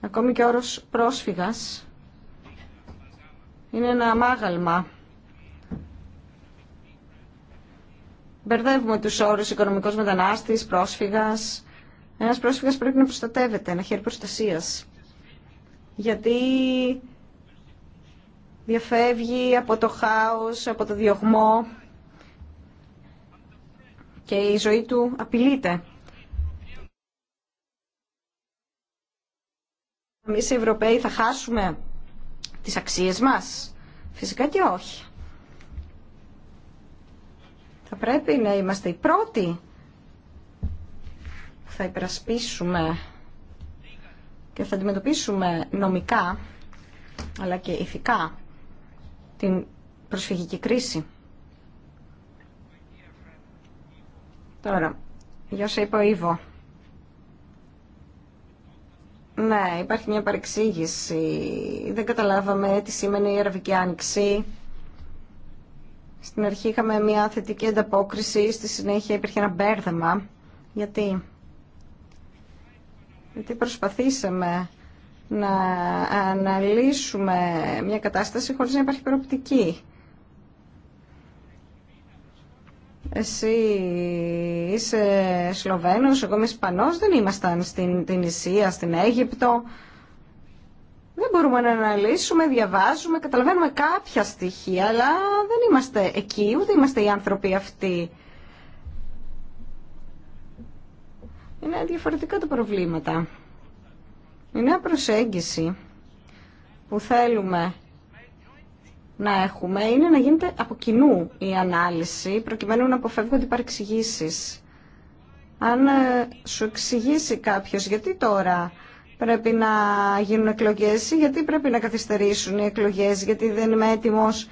Ακόμη και ο όρος πρόσφυγας είναι ένα αμάγαλμα. Μπερδεύουμε τους όρους οικονομικός μετανάστης, πρόσφυγας. Ένας πρόσφυγας πρέπει να προστατεύεται, να χέρι προστασίας. Γιατί διαφεύγει από το χάος, από το διωγμό και η ζωή του απειλείται. Εμεί οι Ευρωπαίοι θα χάσουμε τις αξίες μας. Φυσικά και όχι. Θα πρέπει να είμαστε οι πρώτοι που θα υπερασπίσουμε και θα αντιμετωπίσουμε νομικά αλλά και ηθικά την προσφυγική κρίση. Τώρα, για όσα είπα ο Ήβο. Ναι, υπάρχει μια παρεξήγηση. Δεν καταλάβαμε τι σήμαινε η Αραβική Άνοιξη. Στην αρχή είχαμε μια θετική ανταπόκριση, στη συνέχεια υπήρχε ένα μπέρδεμα. Γιατί? Γιατί προσπαθήσαμε να αναλύσουμε μια κατάσταση χωρίς να υπάρχει προοπτική. Εσύ είσαι Σλοβαίνος, εγώ είμαι Ισπανός, δεν ήμασταν στην την Ισία, στην Αίγυπτο. Δεν μπορούμε να αναλύσουμε, διαβάζουμε, καταλαβαίνουμε κάποια στοιχεία, αλλά δεν είμαστε εκεί, ούτε είμαστε οι άνθρωποι αυτοί. Είναι διαφορετικά τα προβλήματα. Η νέα προσέγγιση που θέλουμε να έχουμε είναι να γίνεται από κοινού η ανάλυση προκειμένου να αποφεύγονται οι παρεξηγήσεις. Αν ε, σου εξηγήσει κάποιος γιατί τώρα πρέπει να γίνουν εκλογές ή γιατί πρέπει να καθυστερήσουν οι εκλογές, γιατί δεν είμαι έτοιμος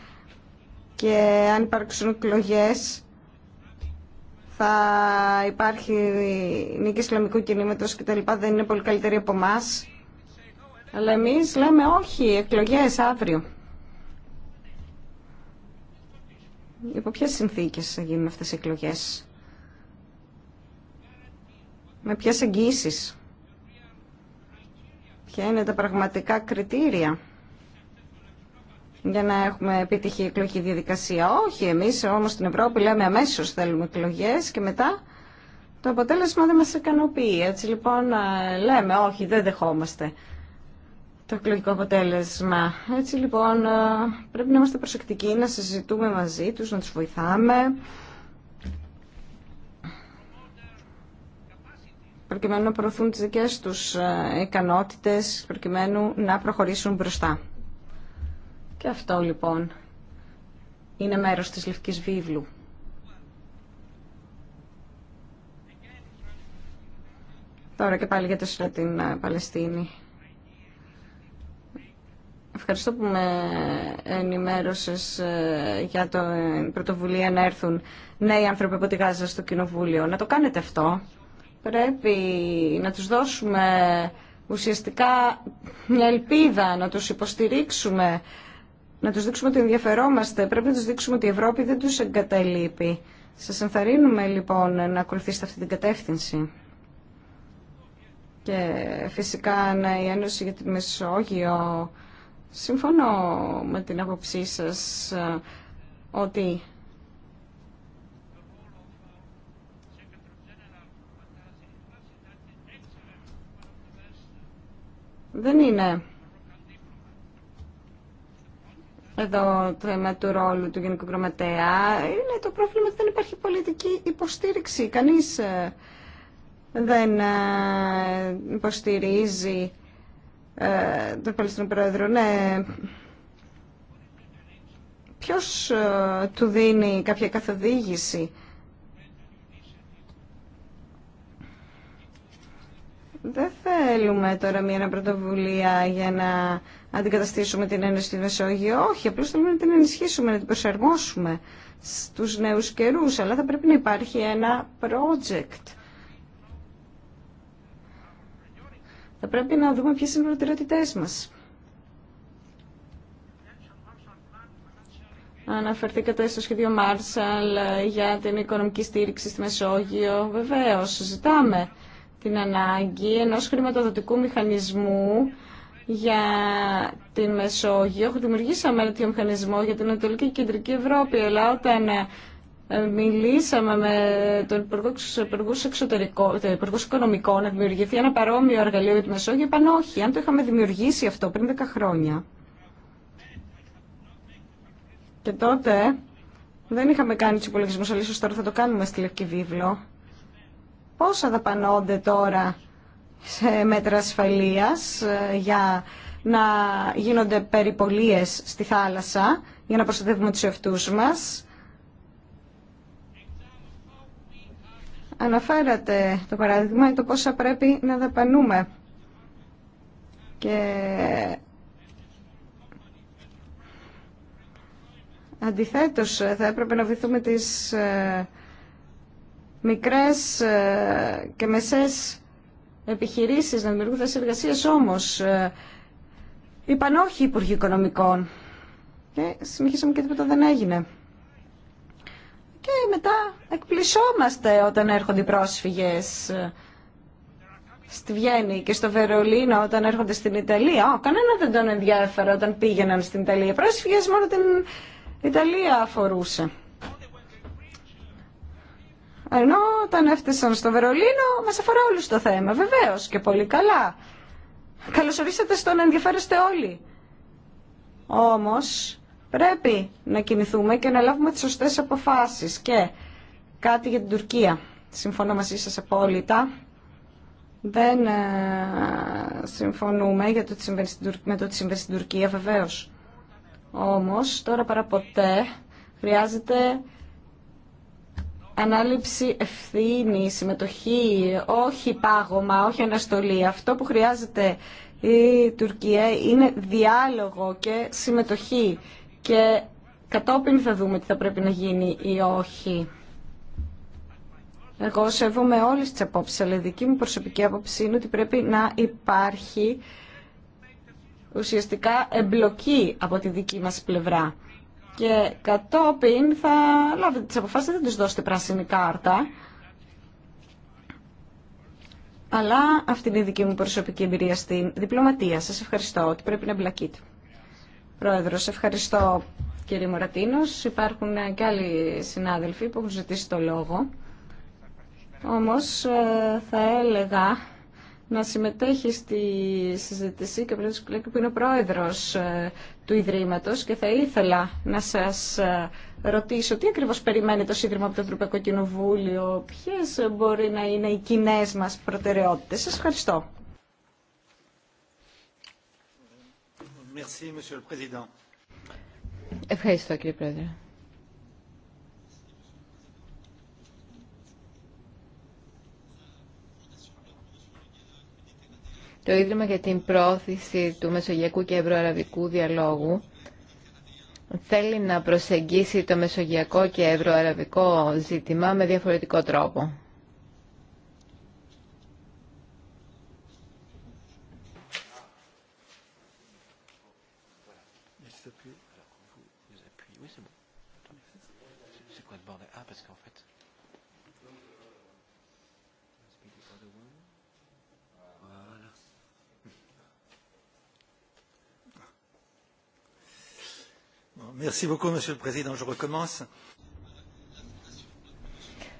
και αν υπάρξουν εκλογές θα υπάρχει νίκη Ισλαμικού κινήματος και τα λοιπά, δεν είναι πολύ καλύτερη από εμά. Αλλά εμείς λέμε όχι, εκλογές αύριο. Υπό ποιες συνθήκες θα γίνουν αυτές οι εκλογές. Με ποιες εγγύσεις. Ποια είναι τα πραγματικά κριτήρια για να έχουμε επιτυχή εκλογική διαδικασία. Όχι, εμείς όμως στην Ευρώπη λέμε αμέσως θέλουμε εκλογέ και μετά το αποτέλεσμα δεν μα ικανοποιεί. Έτσι λοιπόν ε, λέμε όχι, δεν δεχόμαστε το εκλογικό αποτέλεσμα. Έτσι λοιπόν ε, πρέπει να είμαστε προσεκτικοί, να συζητούμε μαζί τους, να τους βοηθάμε. προκειμένου να προωθούν τις δικές τους ε, ικανότητες, προκειμένου να προχωρήσουν μπροστά. Και αυτό λοιπόν είναι μέρος της Λευκής Βίβλου. Τώρα και πάλι για το την ε, Παλαιστίνη. Ευχαριστώ που με ενημέρωσες ε, για την ε, πρωτοβουλία να έρθουν νέοι άνθρωποι από τη Γάζα στο Κοινοβούλιο. Να το κάνετε αυτό. Πρέπει να τους δώσουμε ουσιαστικά μια ελπίδα, να τους υποστηρίξουμε να τους δείξουμε ότι ενδιαφερόμαστε, πρέπει να τους δείξουμε ότι η Ευρώπη δεν τους εγκαταλείπει. Σας ενθαρρύνουμε λοιπόν να ακολουθήσετε αυτή την κατεύθυνση. Και φυσικά ναι, η Ένωση για τη Μεσόγειο, συμφωνώ με την άποψή σας ε, ότι δεν είναι εδώ το θέμα του ρόλου του Γενικού Γραμματέα είναι το πρόβλημα ότι δεν υπάρχει πολιτική υποστήριξη. Κανείς ε, δεν ε, υποστηρίζει ε, τον Παλαιστινό Πρόεδρο. Ναι. Ποιος του δίνει κάποια καθοδήγηση. Δεν θέλουμε τώρα μια πρωτοβουλία για να αντικαταστήσουμε την Ένωση στη Μεσόγειο. Όχι, απλώς θέλουμε να την ενισχύσουμε, να την προσαρμόσουμε στου νέου καιρού, αλλά θα πρέπει να υπάρχει ένα project. Θα πρέπει να δούμε ποιε είναι οι προτεραιότητές μα. Αναφερθήκατε στο σχέδιο Μάρσαλ για την οικονομική στήριξη στη Μεσόγειο. Βεβαίως, συζητάμε την ανάγκη ενός χρηματοδοτικού μηχανισμού για την Μεσόγειο. Δημιουργήσαμε ένα τέτοιο μηχανισμό για την Ανατολική και Κεντρική Ευρώπη, αλλά όταν ε, μιλήσαμε με τον Υπουργό Οικονομικών να δημιουργηθεί ένα παρόμοιο εργαλείο για τη Μεσόγειο, είπαν όχι, αν το είχαμε δημιουργήσει αυτό πριν 10 χρόνια. Και τότε δεν είχαμε κάνει του υπολογισμού, αλλά ίσω τώρα θα το κάνουμε στη Λευκή Βίβλο. Πόσα δαπανώνται τώρα σε μέτρα ασφαλείας ε, για να γίνονται περιπολίες στη θάλασσα για να προστατεύουμε τους εαυτούς μας. Αναφέρατε το παράδειγμα το πόσα πρέπει να δαπανούμε. Και αντιθέτως ε, θα έπρεπε να βοηθούμε τις ε, μικρές και μεσές επιχειρήσεις να δημιουργούν θέσεις εργασίας, όμως ε, είπαν όχι οι Υπουργοί Οικονομικών. Και συνεχίσαμε και τίποτα δεν έγινε. Και μετά εκπλησόμαστε όταν έρχονται οι πρόσφυγες ε, στη Βιέννη και στο Βερολίνο όταν έρχονται στην Ιταλία. κανένα δεν τον ενδιαφέρε όταν πήγαιναν στην Ιταλία. Πρόσφυγες μόνο την Ιταλία αφορούσε. Ενώ όταν έφτασαν στο Βερολίνο μα αφορά όλου το θέμα. βεβαίω και πολύ καλά. Καλωσορίσατε στο να ενδιαφέρεστε όλοι. Όμως πρέπει να κινηθούμε και να λάβουμε τι σωστέ αποφάσεις. Και κάτι για την Τουρκία. Συμφωνώ μαζί σα απόλυτα. Δεν ε, συμφωνούμε για το συμβαίνει με το τι συμβαίνει στην Τουρκία βεβαίω. Όμως τώρα παραποτέ χρειάζεται ανάληψη ευθύνη, συμμετοχή, όχι πάγωμα, όχι αναστολή. Αυτό που χρειάζεται η Τουρκία είναι διάλογο και συμμετοχή και κατόπιν θα δούμε τι θα πρέπει να γίνει ή όχι. Εγώ σέβομαι όλες τις απόψεις, αλλά η δική μου προσωπική απόψη είναι ότι πρέπει να υπάρχει ουσιαστικά εμπλοκή από τη δική μας πλευρά και κατόπιν θα λάβετε τις αποφάσεις, δεν τους δώσετε πράσινη κάρτα. Αλλά αυτή είναι η δική μου προσωπική εμπειρία στην διπλωματία. Σας ευχαριστώ ότι πρέπει να εμπλακείτε. Πρόεδρος, ευχαριστώ κύριε Μωρατίνος. Υπάρχουν και άλλοι συνάδελφοι που έχουν ζητήσει το λόγο. Όμως ε, θα έλεγα να συμμετέχει στη συζήτηση και πριν Κουλέκη που είναι ο πρόεδρος ε, του Ιδρύματος και θα ήθελα να σας ε, ρωτήσω τι ακριβώς περιμένει το Σύνδρυμα από το Ευρωπαϊκό Κοινοβούλιο, ποιες μπορεί να είναι οι κοινέ μας προτεραιότητες. Σας ευχαριστώ. Ευχαριστώ κύριε Πρόεδρε. το Ίδρυμα για την Πρόθεση του Μεσογειακού και Ευρωαραβικού Διαλόγου θέλει να προσεγγίσει το μεσογειακό και ευρωαραβικό ζήτημα με διαφορετικό τρόπο.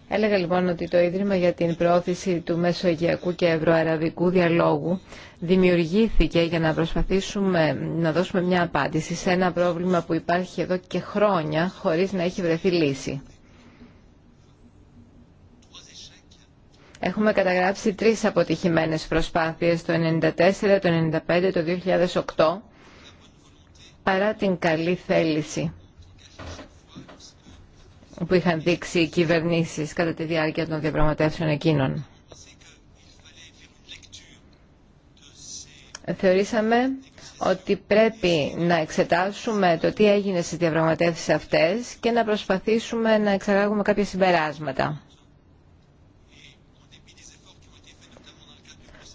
Έλεγα λοιπόν ότι το Ίδρυμα για την Προώθηση του Μεσογειακού και Ευρωαραβικού Διαλόγου δημιουργήθηκε για να προσπαθήσουμε να δώσουμε μια απάντηση σε ένα πρόβλημα που υπάρχει εδώ και χρόνια χωρίς να έχει βρεθεί λύση. Έχουμε καταγράψει τρεις αποτυχημένες προσπάθειες το 1994, το 1995, το 2008 παρά την καλή θέληση που είχαν δείξει οι κυβερνήσεις κατά τη διάρκεια των διαπραγματεύσεων εκείνων. Θεωρήσαμε ότι πρέπει να εξετάσουμε το τι έγινε στις διαπραγματεύσεις αυτές και να προσπαθήσουμε να εξαγάγουμε κάποια συμπεράσματα.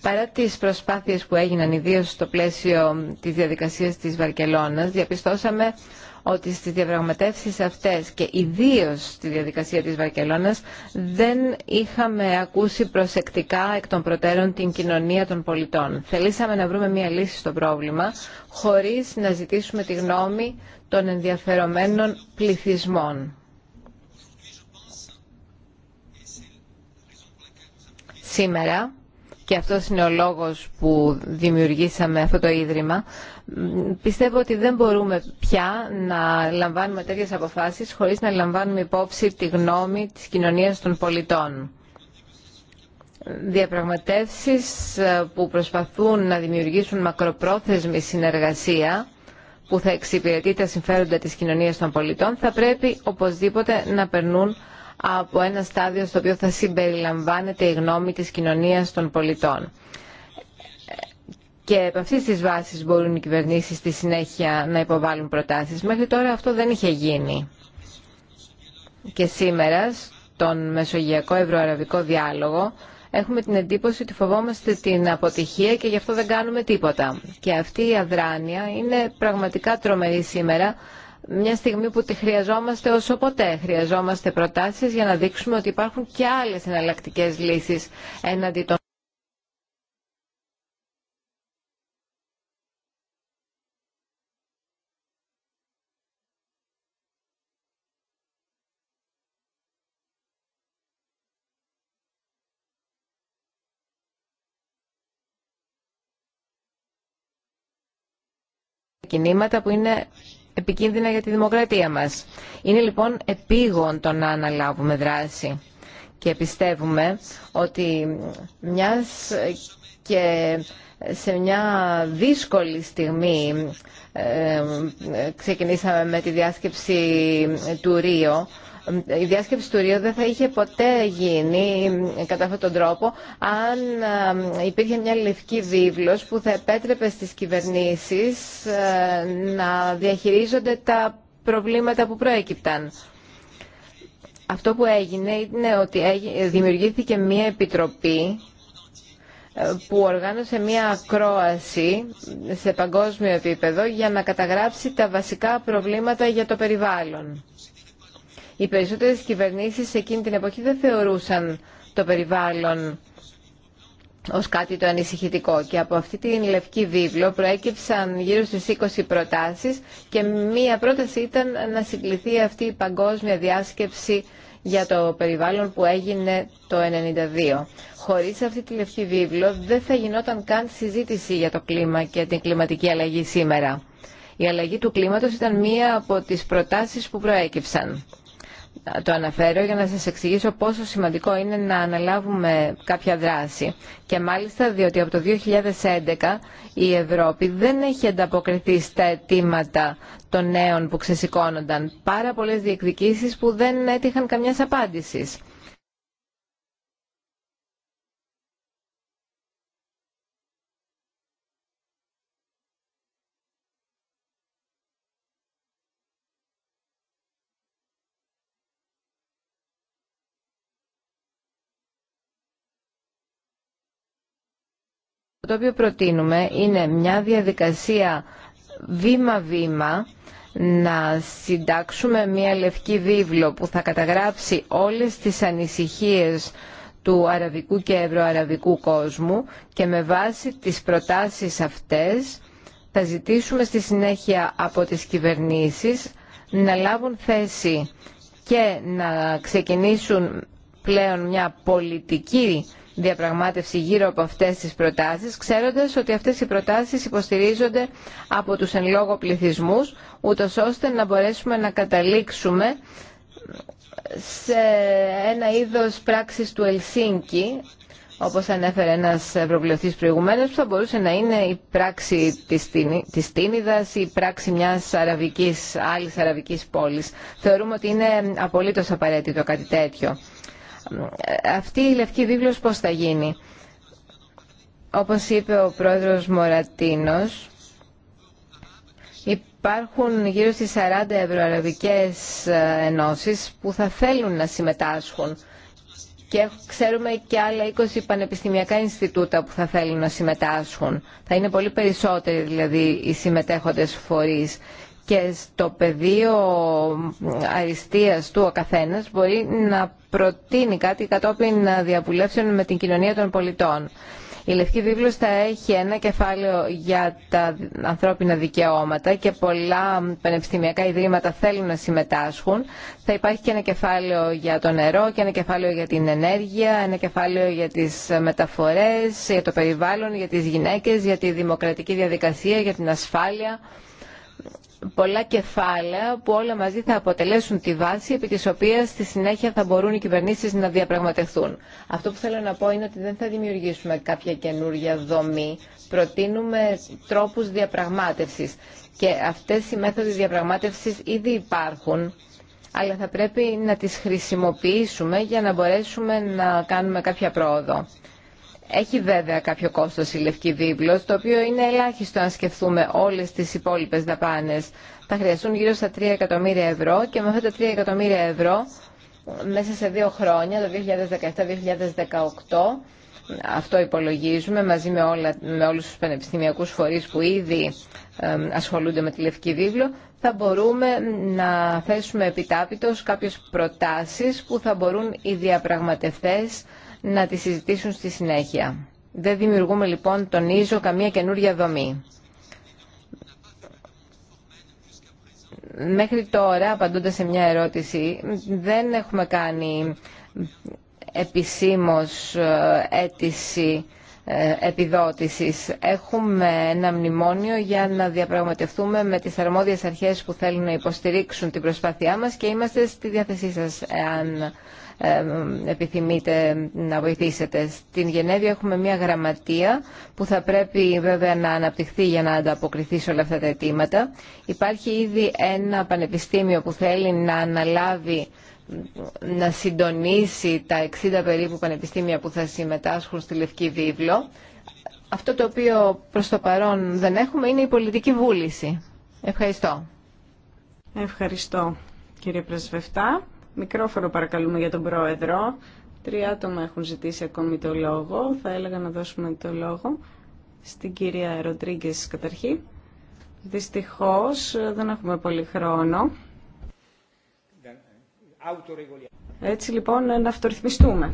Παρά τις προσπάθειες που έγιναν ιδίως στο πλαίσιο της διαδικασίας της Βαρκελώνας, διαπιστώσαμε ότι στις διαπραγματεύσει αυτές και ιδίως στη διαδικασία της Βαρκελώνας δεν είχαμε ακούσει προσεκτικά εκ των προτέρων την κοινωνία των πολιτών. Θελήσαμε να βρούμε μια λύση στο πρόβλημα χωρίς να ζητήσουμε τη γνώμη των ενδιαφερομένων πληθυσμών. Σήμερα και αυτός είναι ο λόγος που δημιουργήσαμε αυτό το Ίδρυμα, πιστεύω ότι δεν μπορούμε πια να λαμβάνουμε τέτοιες αποφάσεις χωρίς να λαμβάνουμε υπόψη τη γνώμη της κοινωνίας των πολιτών. Διαπραγματεύσεις ε, που προσπαθούν να δημιουργήσουν μακροπρόθεσμη συνεργασία που θα εξυπηρετεί τα συμφέροντα της κοινωνίας των πολιτών θα πρέπει οπωσδήποτε να περνούν από ένα στάδιο στο οποίο θα συμπεριλαμβάνεται η γνώμη της κοινωνίας των πολιτών. Και από αυτή τη βάση μπορούν οι κυβερνήσει στη συνέχεια να υποβάλουν προτάσει. Μέχρι τώρα αυτό δεν είχε γίνει. Και σήμερα, στον Μεσογειακό Ευρωαραβικό Διάλογο, έχουμε την εντύπωση ότι φοβόμαστε την αποτυχία και γι' αυτό δεν κάνουμε τίποτα. Και αυτή η αδράνεια είναι πραγματικά τρομερή σήμερα μια στιγμή που τη χρειαζόμαστε όσο ποτέ. Χρειαζόμαστε προτάσεις για να δείξουμε ότι υπάρχουν και άλλες εναλλακτικέ λύσεις έναντι των κινήματα που είναι επικίνδυνα για τη δημοκρατία μας. Είναι λοιπόν επίγον το να αναλάβουμε δράση και πιστεύουμε ότι μιας και σε μια δύσκολη στιγμή ε, ε, ξεκινήσαμε με τη διάσκεψη του Ρίο η διάσκεψη του Ρίου δεν θα είχε ποτέ γίνει κατά αυτόν τον τρόπο αν ε, υπήρχε μια λευκή βίβλος που θα επέτρεπε στις κυβερνήσεις ε, να διαχειρίζονται τα προβλήματα που προέκυπταν. Αυτό που έγινε είναι ότι δημιουργήθηκε μια επιτροπή ε, που οργάνωσε μία ακρόαση σε παγκόσμιο επίπεδο για να καταγράψει τα βασικά προβλήματα για το περιβάλλον. Οι περισσότερες κυβερνήσεις εκείνη την εποχή δεν θεωρούσαν το περιβάλλον ως κάτι το ανησυχητικό και από αυτή την λευκή βίβλο προέκυψαν γύρω στις 20 προτάσεις και μία πρόταση ήταν να συγκληθεί αυτή η παγκόσμια διάσκεψη για το περιβάλλον που έγινε το 1992. Χωρίς αυτή τη λευκή βίβλο δεν θα γινόταν καν συζήτηση για το κλίμα και την κλιματική αλλαγή σήμερα. Η αλλαγή του κλίματος ήταν μία από τις προτάσεις που προέκυψαν το αναφέρω για να σας εξηγήσω πόσο σημαντικό είναι να αναλάβουμε κάποια δράση. Και μάλιστα διότι από το 2011 η Ευρώπη δεν έχει ανταποκριθεί στα αιτήματα των νέων που ξεσηκώνονταν. Πάρα πολλές διεκδικήσεις που δεν έτυχαν καμιάς απάντησης. το οποίο προτείνουμε είναι μια διαδικασία βήμα-βήμα να συντάξουμε μια λευκή βίβλο που θα καταγράψει όλες τις ανησυχίες του αραβικού και ευρωαραβικού κόσμου και με βάση τις προτάσεις αυτές θα ζητήσουμε στη συνέχεια από τις κυβερνήσεις να λάβουν θέση και να ξεκινήσουν πλέον μια πολιτική διαπραγμάτευση γύρω από αυτές τις προτάσεις, ξέροντας ότι αυτές οι προτάσεις υποστηρίζονται από τους εν λόγω πληθυσμούς, ούτως ώστε να μπορέσουμε να καταλήξουμε σε ένα είδος πράξης του Ελσίνκη, όπως ανέφερε ένας ευρωβουλευτής προηγουμένως, που θα μπορούσε να είναι η πράξη της Τίνιδας ή η πράξη μιας αραβικής, άλλης αραβικής πόλης. Θεωρούμε ότι είναι απολύτως απαραίτητο κάτι τέτοιο αυτή η λευκή δίβλος πώς θα γίνει. Όπως είπε ο πρόεδρος Μορατίνος, υπάρχουν γύρω στις 40 ευρωαραβικές ε, ενώσεις που θα θέλουν να συμμετάσχουν και ξέρουμε και άλλα 20 πανεπιστημιακά Ινστιτούτα που θα θέλουν να συμμετάσχουν. Θα είναι πολύ περισσότεροι δηλαδή οι συμμετέχοντες φορείς και στο πεδίο αριστείας του ο καθένας μπορεί να προτείνει κάτι κατόπιν διαβουλεύσεων με την κοινωνία των πολιτών. Η Λευκή Βίβλος θα έχει ένα κεφάλαιο για τα ανθρώπινα δικαιώματα και πολλά πανεπιστημιακά ιδρύματα θέλουν να συμμετάσχουν. Θα υπάρχει και ένα κεφάλαιο για το νερό και ένα κεφάλαιο για την ενέργεια, ένα κεφάλαιο για τις μεταφορές, για το περιβάλλον, για τις γυναίκες, για τη δημοκρατική διαδικασία, για την ασφάλεια πολλά κεφάλαια που όλα μαζί θα αποτελέσουν τη βάση επί της οποίας στη συνέχεια θα μπορούν οι κυβερνήσεις να διαπραγματευτούν. Αυτό που θέλω να πω είναι ότι δεν θα δημιουργήσουμε κάποια καινούργια δομή. Προτείνουμε τρόπους διαπραγμάτευσης και αυτές οι μέθοδοι διαπραγμάτευσης ήδη υπάρχουν αλλά θα πρέπει να τις χρησιμοποιήσουμε για να μπορέσουμε να κάνουμε κάποια πρόοδο. Έχει βέβαια κάποιο κόστος η Λευκή Βίβλος, το οποίο είναι ελάχιστο αν σκεφτούμε όλες τις υπόλοιπες δαπάνες. Θα χρειαστούν γύρω στα 3 εκατομμύρια ευρώ και με αυτά τα 3 εκατομμύρια ευρώ μέσα σε δύο χρόνια, το 2017-2018, αυτό υπολογίζουμε μαζί με, όλα, με όλους τους πανεπιστημιακούς φορείς που ήδη ασχολούνται με τη Λευκή Βίβλο, θα μπορούμε να θέσουμε επιτάπητος κάποιες προτάσεις που θα μπορούν οι διαπραγματευτές να τη συζητήσουν στη συνέχεια. Δεν δημιουργούμε λοιπόν, τονίζω, καμία καινούρια δομή. Μέχρι τώρα, απαντώντας σε μια ερώτηση, δεν έχουμε κάνει επισήμως ε, αίτηση ε, επιδότησης. Έχουμε ένα μνημόνιο για να διαπραγματευτούμε με τις αρμόδιες αρχές που θέλουν να υποστηρίξουν την προσπάθειά μας και είμαστε στη διάθεσή σας εάν επιθυμείτε να βοηθήσετε. Στην Γενέβη έχουμε μια γραμματεία που θα πρέπει βέβαια να αναπτυχθεί για να ανταποκριθεί σε όλα αυτά τα αιτήματα. Υπάρχει ήδη ένα πανεπιστήμιο που θέλει να αναλάβει να συντονίσει τα 60 περίπου πανεπιστήμια που θα συμμετάσχουν στη Λευκή Βίβλο. Αυτό το οποίο προς το παρόν δεν έχουμε είναι η πολιτική βούληση. Ευχαριστώ. Ευχαριστώ κύριε Πρεσβευτά. Μικρόφωνο παρακαλούμε για τον Πρόεδρο. Τρία άτομα έχουν ζητήσει ακόμη το λόγο. Θα έλεγα να δώσουμε το λόγο στην κυρία Ροντρίγκε καταρχή. Δυστυχώς δεν έχουμε πολύ χρόνο. Έτσι λοιπόν να αυτορυθμιστούμε.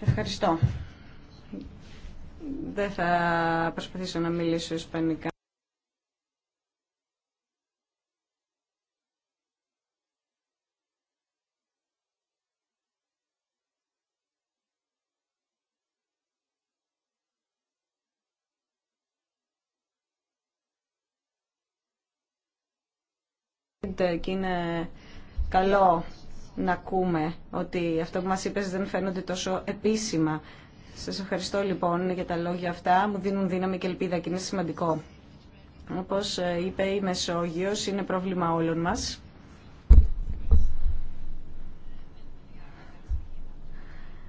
Ευχαριστώ. Δεν θα προσπαθήσω να μιλήσω ισπανικά. και είναι καλό να ακούμε ότι αυτό που μας είπες δεν φαίνονται τόσο επίσημα. Σας ευχαριστώ λοιπόν για τα λόγια αυτά. Μου δίνουν δύναμη και ελπίδα και είναι σημαντικό. Όπως ε, είπε η Μεσόγειος είναι πρόβλημα όλων μας.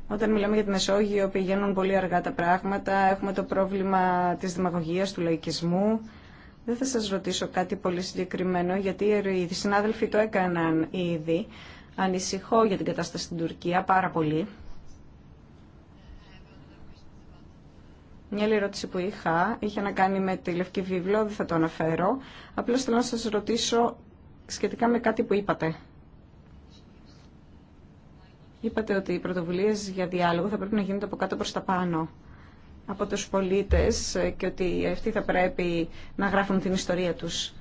Όταν μιλάμε για τη Μεσόγειο πηγαίνουν πολύ αργά τα πράγματα. Έχουμε το πρόβλημα της δημαγωγίας, του λαϊκισμού. Δεν θα σας ρωτήσω κάτι πολύ συγκεκριμένο, γιατί οι συνάδελφοι το έκαναν ήδη. Ανησυχώ για την κατάσταση στην Τουρκία πάρα πολύ. Μια άλλη ερώτηση που είχα, είχε να κάνει με τη Λευκή Βίβλο, δεν θα το αναφέρω. Απλώς θέλω να σας ρωτήσω σχετικά με κάτι που είπατε. Είπατε ότι οι πρωτοβουλίες για διάλογο θα πρέπει να γίνονται από κάτω προς τα πάνω από τους πολίτες και ότι αυτοί θα πρέπει να γράφουν την ιστορία τους.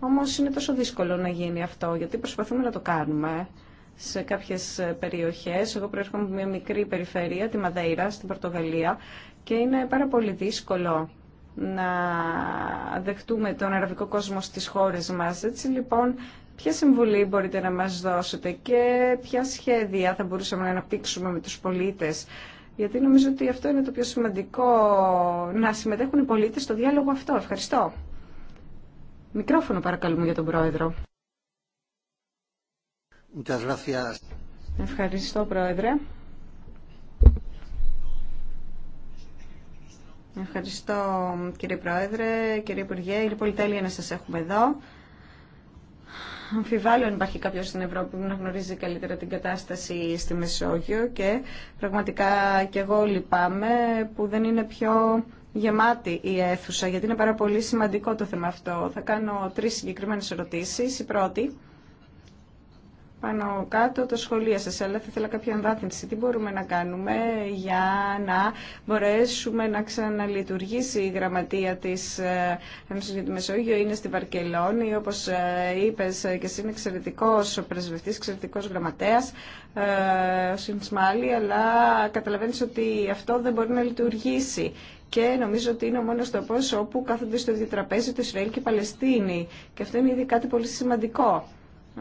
Όμως είναι τόσο δύσκολο να γίνει αυτό, γιατί προσπαθούμε να το κάνουμε σε κάποιες περιοχές. Εγώ προέρχομαι από μια μικρή περιφέρεια, τη Μαδέιρα, στην Πορτογαλία, και είναι πάρα πολύ δύσκολο να δεχτούμε τον αραβικό κόσμο στις χώρες μας. Έτσι λοιπόν, ποια συμβουλή μπορείτε να μας δώσετε και ποια σχέδια θα μπορούσαμε να αναπτύξουμε με τους πολίτες γιατί νομίζω ότι αυτό είναι το πιο σημαντικό, να συμμετέχουν οι πολίτες στο διάλογο αυτό. Ευχαριστώ. Μικρόφωνο παρακαλούμε για τον Πρόεδρο. Ευχαριστώ, Πρόεδρε. Ευχαριστώ, κύριε Πρόεδρε, κύριε Υπουργέ. Είναι πολύ τέλεια να σας έχουμε εδώ. Αμφιβάλλω αν υπάρχει κάποιος στην Ευρώπη που να γνωρίζει καλύτερα την κατάσταση στη Μεσόγειο και πραγματικά και εγώ λυπάμαι που δεν είναι πιο γεμάτη η αίθουσα γιατί είναι πάρα πολύ σημαντικό το θέμα αυτό. Θα κάνω τρεις συγκεκριμένες ερωτήσεις. Η πρώτη πάνω κάτω το σχολείο σας, αλλά θα ήθελα κάποια ανδάθυνση. Τι μπορούμε να κάνουμε για να μπορέσουμε να ξαναλειτουργήσει η γραμματεία της ε, Ένωσης για τη Μεσόγειο, είναι στη Βαρκελόνη, όπως ε, είπες ε, και εσύ είναι εξαιρετικός πρεσβευτής, εξαιρετικός γραμματέας, ο αλλά καταλαβαίνεις ότι αυτό δεν μπορεί να λειτουργήσει και νομίζω ότι είναι ο μόνος τόπος όπου κάθονται στο ίδιο τραπέζι το Ισραήλ και η Παλαιστίνη. Και αυτό είναι ήδη κάτι πολύ σημαντικό.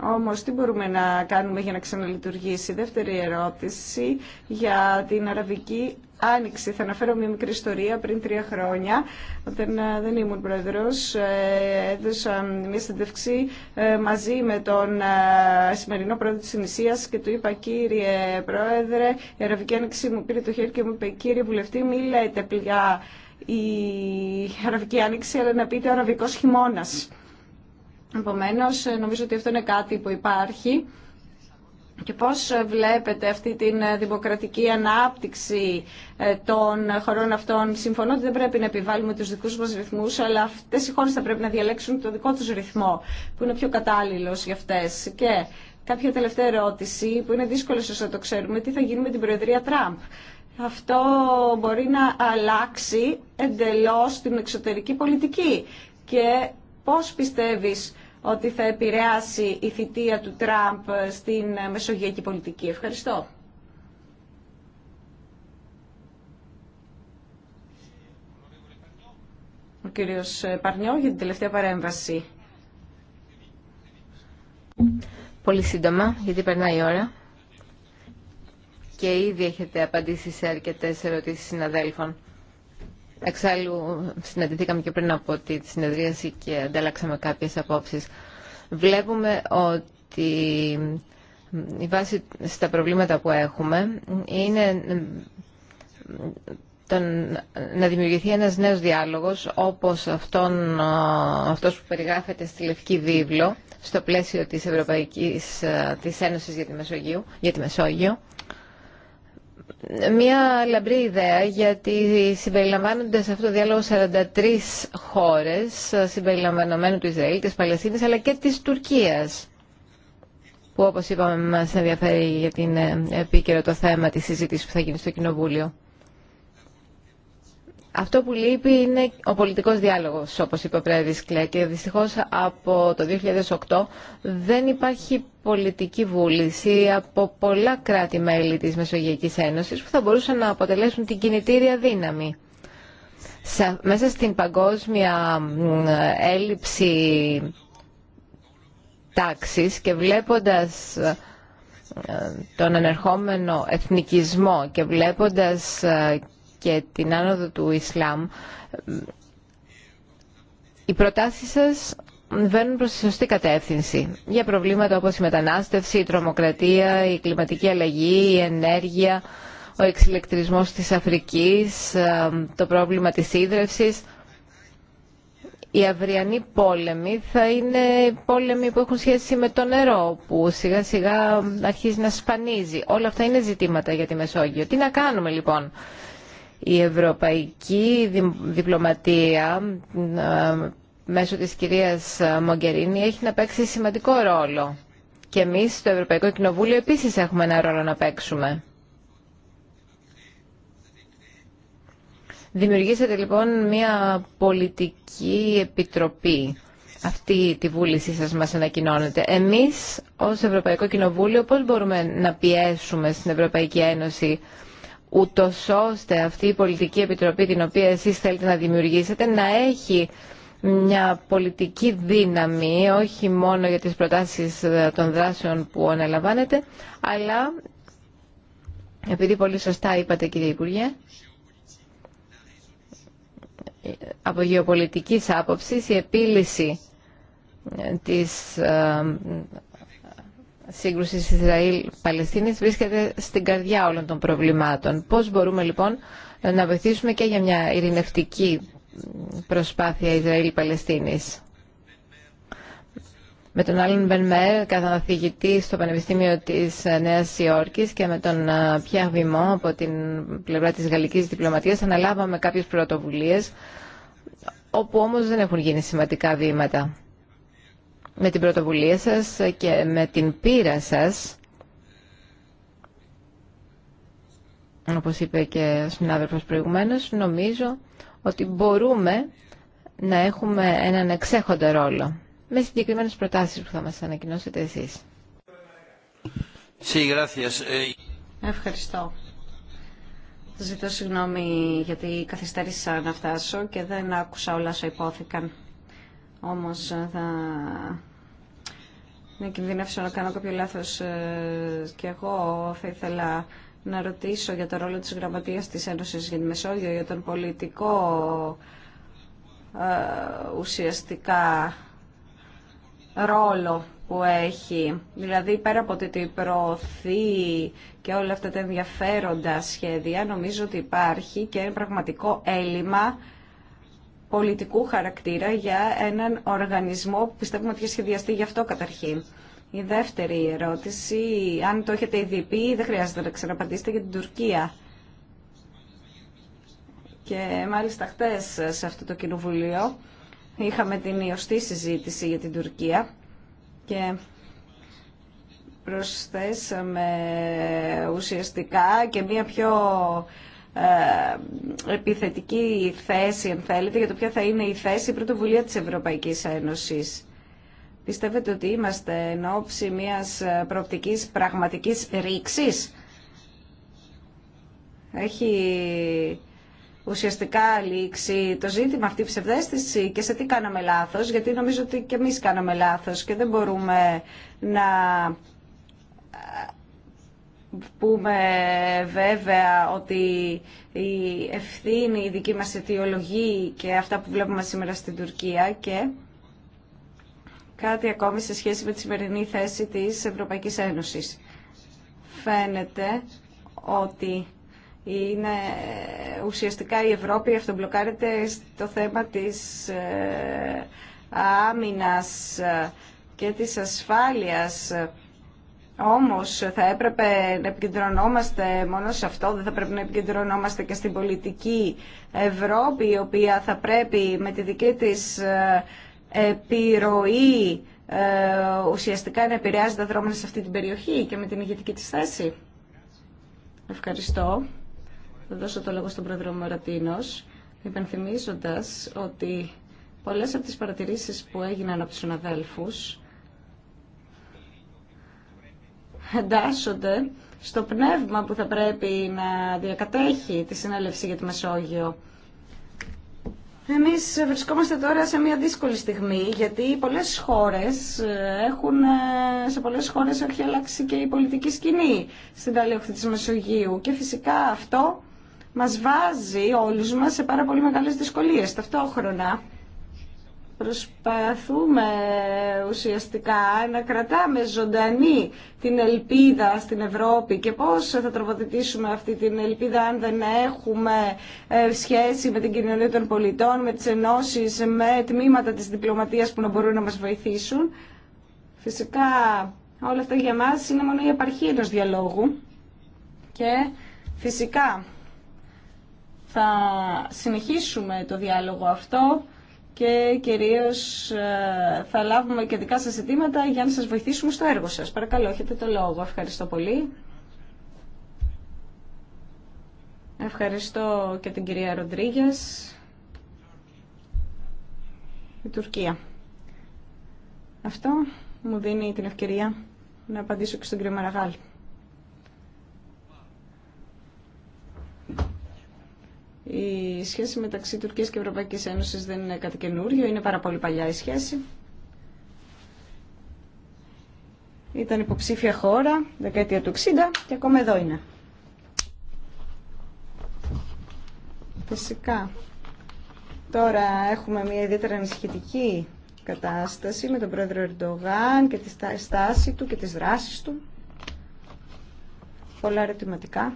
Όμως τι μπορούμε να κάνουμε για να ξαναλειτουργήσει. δεύτερη ερώτηση για την Αραβική Άνοιξη. Θα αναφέρω μια μικρή ιστορία πριν τρία χρόνια. Όταν ε, δεν ήμουν πρόεδρος, ε, έδωσα μια συντευξή ε, μαζί με τον σημερινό πρόεδρο της και του είπα κύριε πρόεδρε, η Αραβική Άνοιξη μου πήρε το χέρι και μου είπε κύριε βουλευτή μη λέτε η Αραβική Άνοιξη αλλά να πείτε ο Αραβικός χειμώνας. Επομένως, νομίζω ότι αυτό είναι κάτι που υπάρχει. Και πώς βλέπετε αυτή την δημοκρατική ανάπτυξη ε, των χωρών αυτών. Συμφωνώ ότι δεν πρέπει να επιβάλλουμε τους δικούς μας ρυθμούς, αλλά αυτές οι χώρες θα πρέπει να διαλέξουν το δικό τους ρυθμό, που είναι πιο κατάλληλος για αυτές. Και κάποια τελευταία ερώτηση, που είναι δύσκολο όσο το ξέρουμε, τι θα γίνει με την Προεδρία Τραμπ. Αυτό μπορεί να αλλάξει εντελώς την εξωτερική πολιτική. Και πώς πιστεύεις ότι θα επηρεάσει η θητεία του Τραμπ στην μεσογειακή πολιτική. Ευχαριστώ. Ο κύριος Παρνιό για την τελευταία παρέμβαση. Πολύ σύντομα, γιατί περνάει η ώρα και ήδη έχετε απαντήσει σε αρκετές ερωτήσεις συναδέλφων. Εξάλλου συναντηθήκαμε και πριν από τη συνεδρίαση και ανταλλάξαμε κάποιες απόψεις. Βλέπουμε ότι η βάση στα προβλήματα που έχουμε είναι να δημιουργηθεί ένας νέος διάλογος όπως αυτόν, αυτός που περιγράφεται στη Λευκή Βίβλο στο πλαίσιο της Ευρωπαϊκής της Ένωσης για τη, για τη Μεσόγειο μια λαμπρή ιδέα γιατί συμπεριλαμβάνονται σε αυτό το διάλογο 43 χώρες συμπεριλαμβανομένου του Ισραήλ, της Παλαιστίνης αλλά και της Τουρκίας που όπως είπαμε μας ενδιαφέρει για την ε, επίκαιρο το θέμα της συζήτησης που θα γίνει στο Κοινοβούλιο. Αυτό που λείπει είναι ο πολιτικός διάλογος, όπως είπε ο Πρέδης και δυστυχώς από το 2008 δεν υπάρχει πολιτική βούληση από πολλά κράτη-μέλη της Μεσογειακής Ένωσης που θα μπορούσαν να αποτελέσουν την κινητήρια δύναμη. Μέσα στην παγκόσμια έλλειψη τάξης και βλέποντας ε, τον ανερχόμενο εθνικισμό και βλέποντας ε, και την άνοδο του Ισλάμ, οι προτάσεις σας βαίνουν προς τη σωστή κατεύθυνση για προβλήματα όπως η μετανάστευση, η τρομοκρατία, η κλιματική αλλαγή, η ενέργεια, ο εξηλεκτρισμός της Αφρικής, ε, το πρόβλημα της ίδρευσης. η αυριανοί πόλεμοι θα είναι πόλεμοι που έχουν σχέση με το νερό, που σιγά σιγά αρχίζει να σπανίζει. Όλα αυτά είναι ζητήματα για τη Μεσόγειο. Τι να κάνουμε λοιπόν. Η ευρωπαϊκή διπλωματία ε, μέσω της κυρίας Μογκερίνη έχει να παίξει σημαντικό ρόλο. Και εμείς στο Ευρωπαϊκό Κοινοβούλιο επίσης έχουμε ένα ρόλο να παίξουμε. Δημιουργήσατε λοιπόν μια πολιτική επιτροπή. Αυτή τη βούλησή σας μας ανακοινώνεται. Εμείς ως Ευρωπαϊκό Κοινοβούλιο πώς μπορούμε να πιέσουμε στην Ευρωπαϊκή Ένωση ούτω ώστε αυτή η πολιτική επιτροπή την οποία εσείς θέλετε να δημιουργήσετε να έχει μια πολιτική δύναμη όχι μόνο για τις προτάσεις ε, των δράσεων που αναλαμβάνετε αλλά επειδή πολύ σωστά είπατε κύριε Υπουργέ από γεωπολιτικής άποψης η επίλυση ε, της ε, συγκρουση ισραηλ Ισραήλ-Παλαιστίνη βρίσκεται στην καρδιά όλων των προβλημάτων. Πώ μπορούμε λοιπόν να βοηθήσουμε και για μια ειρηνευτική προσπάθεια Ισραήλ-Παλαιστίνη. Με τον άλλον Μπενμέρ, καθαναθηγητή στο Πανεπιστήμιο της Νέα Υόρκη και με τον Πιάχ Βημό από την πλευρά τη Γαλλική Διπλωματία αναλάβαμε κάποιε πρωτοβουλίε όπου όμως δεν έχουν γίνει σημαντικά βήματα με την πρωτοβουλία σας και με την πείρα σας όπως είπε και ο συνάδελφος προηγουμένως νομίζω ότι μπορούμε να έχουμε έναν εξέχοντα ρόλο με συγκεκριμένες προτάσεις που θα μας ανακοινώσετε εσείς. Ε, Ευχαριστώ. Ζητώ συγγνώμη γιατί καθυστέρησα να φτάσω και δεν άκουσα όλα όσα υπόθηκαν. Όμως ε, θα να κινδυνεύσω να κάνω κάποιο λάθος ε, και εγώ θα ήθελα να ρωτήσω για το ρόλο της Γραμματείας της Ένωσης για τη Μεσόγειο, για τον πολιτικό ε, ουσιαστικά ρόλο που έχει. Δηλαδή, πέρα από ότι προωθεί και όλα αυτά τα ενδιαφέροντα σχέδια, νομίζω ότι υπάρχει και ένα πραγματικό έλλειμμα πολιτικού χαρακτήρα για έναν οργανισμό που πιστεύουμε ότι έχει σχεδιαστεί γι' αυτό καταρχήν. Η δεύτερη ερώτηση, αν το έχετε ήδη πει, δεν χρειάζεται να ξαναπαντήσετε για την Τουρκία. Και μάλιστα χτες σε αυτό το κοινοβουλίο είχαμε την ιωστή συζήτηση για την Τουρκία και προσθέσαμε ουσιαστικά και μία πιο ε, επιθετική θέση, αν θέλετε, για το ποια θα είναι η θέση η πρωτοβουλία της Ευρωπαϊκής Ένωσης. Πιστεύετε ότι είμαστε εν ώψη μιας ε, προοπτικής πραγματικής ρήξης. Έχει ουσιαστικά λήξει το ζήτημα αυτή η ψευδέστηση και σε τι κάναμε λάθος, γιατί νομίζω ότι και εμείς κάναμε λάθος και δεν μπορούμε να πούμε βέβαια ότι η ευθύνη η δική μας αιτιολογή και αυτά που βλέπουμε σήμερα στην Τουρκία και κάτι ακόμη σε σχέση με τη σημερινή θέση της Ευρωπαϊκής Ένωσης. Φαίνεται ότι είναι ουσιαστικά η Ευρώπη αυτομπλοκάρεται στο θέμα της ε, άμυνας και της ασφάλειας Όμω, θα έπρεπε να επικεντρωνόμαστε μόνο σε αυτό, δεν θα πρέπει να επικεντρωνόμαστε και στην πολιτική Ευρώπη, η οποία θα πρέπει με τη δική της ε, επιρροή ε, ουσιαστικά να επηρεάζει τα δρόμενα σε αυτή την περιοχή και με την ηγετική της θέση. Ευχαριστώ. Θα δώσω το λόγο στον Πρόεδρο Ρατίνος, υπενθυμίζοντα ότι πολλέ από τι παρατηρήσει που έγιναν από του συναδέλφου. εντάσσονται στο πνεύμα που θα πρέπει να διακατέχει τη συνέλευση για τη Μεσόγειο. Εμείς βρισκόμαστε τώρα σε μια δύσκολη στιγμή, γιατί πολλές χώρες ε, έχουν, ε, σε πολλές χώρες έχει αλλάξει και η πολιτική σκηνή στην άλλη της Μεσογείου. Και φυσικά αυτό μας βάζει όλους μας σε πάρα πολύ μεγάλες δυσκολίες. Ταυτόχρονα Προσπαθούμε ουσιαστικά να κρατάμε ζωντανή την ελπίδα στην Ευρώπη και πώς θα τροποθετήσουμε αυτή την ελπίδα αν δεν έχουμε ε, σχέση με την κοινωνία των πολιτών, με τις ενώσεις, με τμήματα της διπλωματίας που να μπορούν να μας βοηθήσουν. Φυσικά όλα αυτά για μας είναι μόνο η επαρχή ενός διαλόγου και φυσικά θα συνεχίσουμε το διάλογο αυτό και κυρίως ε, θα λάβουμε και δικά σας ζητήματα για να σας βοηθήσουμε στο έργο σας. Παρακαλώ, έχετε το λόγο. Ευχαριστώ πολύ. Ευχαριστώ και την κυρία Ροντρίγιας. Η Τουρκία. Αυτό μου δίνει την ευκαιρία να απαντήσω και στον κύριο Μαραγάλη. Η σχέση μεταξύ Τουρκίας και Ευρωπαϊκής Ένωσης δεν είναι κάτι καινούριο, είναι πάρα πολύ παλιά η σχέση. Ήταν υποψήφια χώρα, δεκαετία του 60 και ακόμα εδώ είναι. Φυσικά. Τώρα έχουμε μια ιδιαίτερα ανησυχητική κατάσταση με τον πρόεδρο Ερντογάν και τη στάση του και τις δράσεις του. Πολλά ερωτηματικά.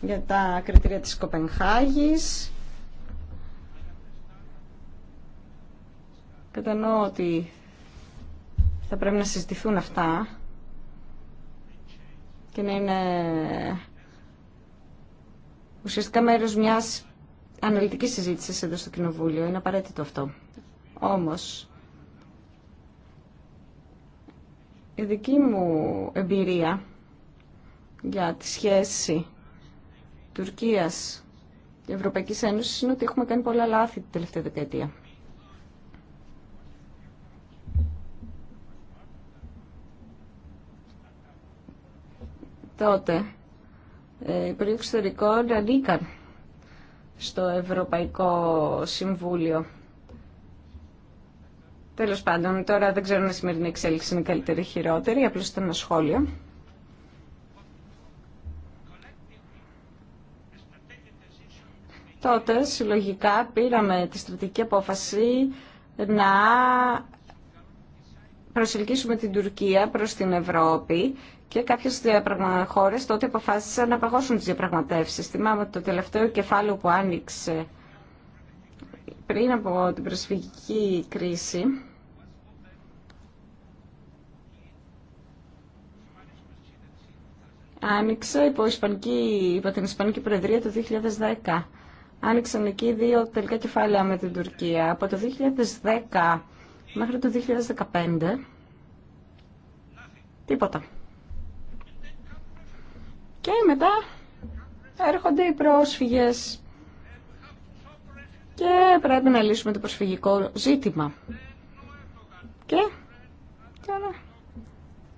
για τα κριτήρια της Κοπενχάγης. Κατανοώ ότι θα πρέπει να συζητηθούν αυτά και να είναι ουσιαστικά μέρος μιας αναλυτικής συζήτησης εδώ στο Κοινοβούλιο. Είναι απαραίτητο αυτό. Όμως, η δική μου εμπειρία για τη σχέση Τουρκίας και Ευρωπαϊκής Ένωσης είναι ότι έχουμε κάνει πολλά λάθη την τελευταία δεκαετία. Τότε ε, οι Υπουργοί Εξωτερικών ανήκαν στο Ευρωπαϊκό Συμβούλιο. Τέλος πάντων, τώρα δεν ξέρω αν η σημερινή εξέλιξη είναι καλύτερη ή χειρότερη, απλώς ήταν ένα σχόλιο. τότε συλλογικά πήραμε τη στρατηγική απόφαση να προσελκύσουμε την Τουρκία προς την Ευρώπη και κάποιες χώρες τότε αποφάσισαν να παγώσουν τις διαπραγματεύσεις. Θυμάμαι ότι το τελευταίο κεφάλαιο που άνοιξε πριν από την προσφυγική κρίση άνοιξε υπό, υπό την Ισπανική Προεδρία το 2010 άνοιξαν εκεί δύο τελικά κεφάλαια με την Τουρκία. Από το 2010 μέχρι το 2015 τίποτα. Και μετά έρχονται οι πρόσφυγες και πρέπει να λύσουμε το προσφυγικό ζήτημα. Και τώρα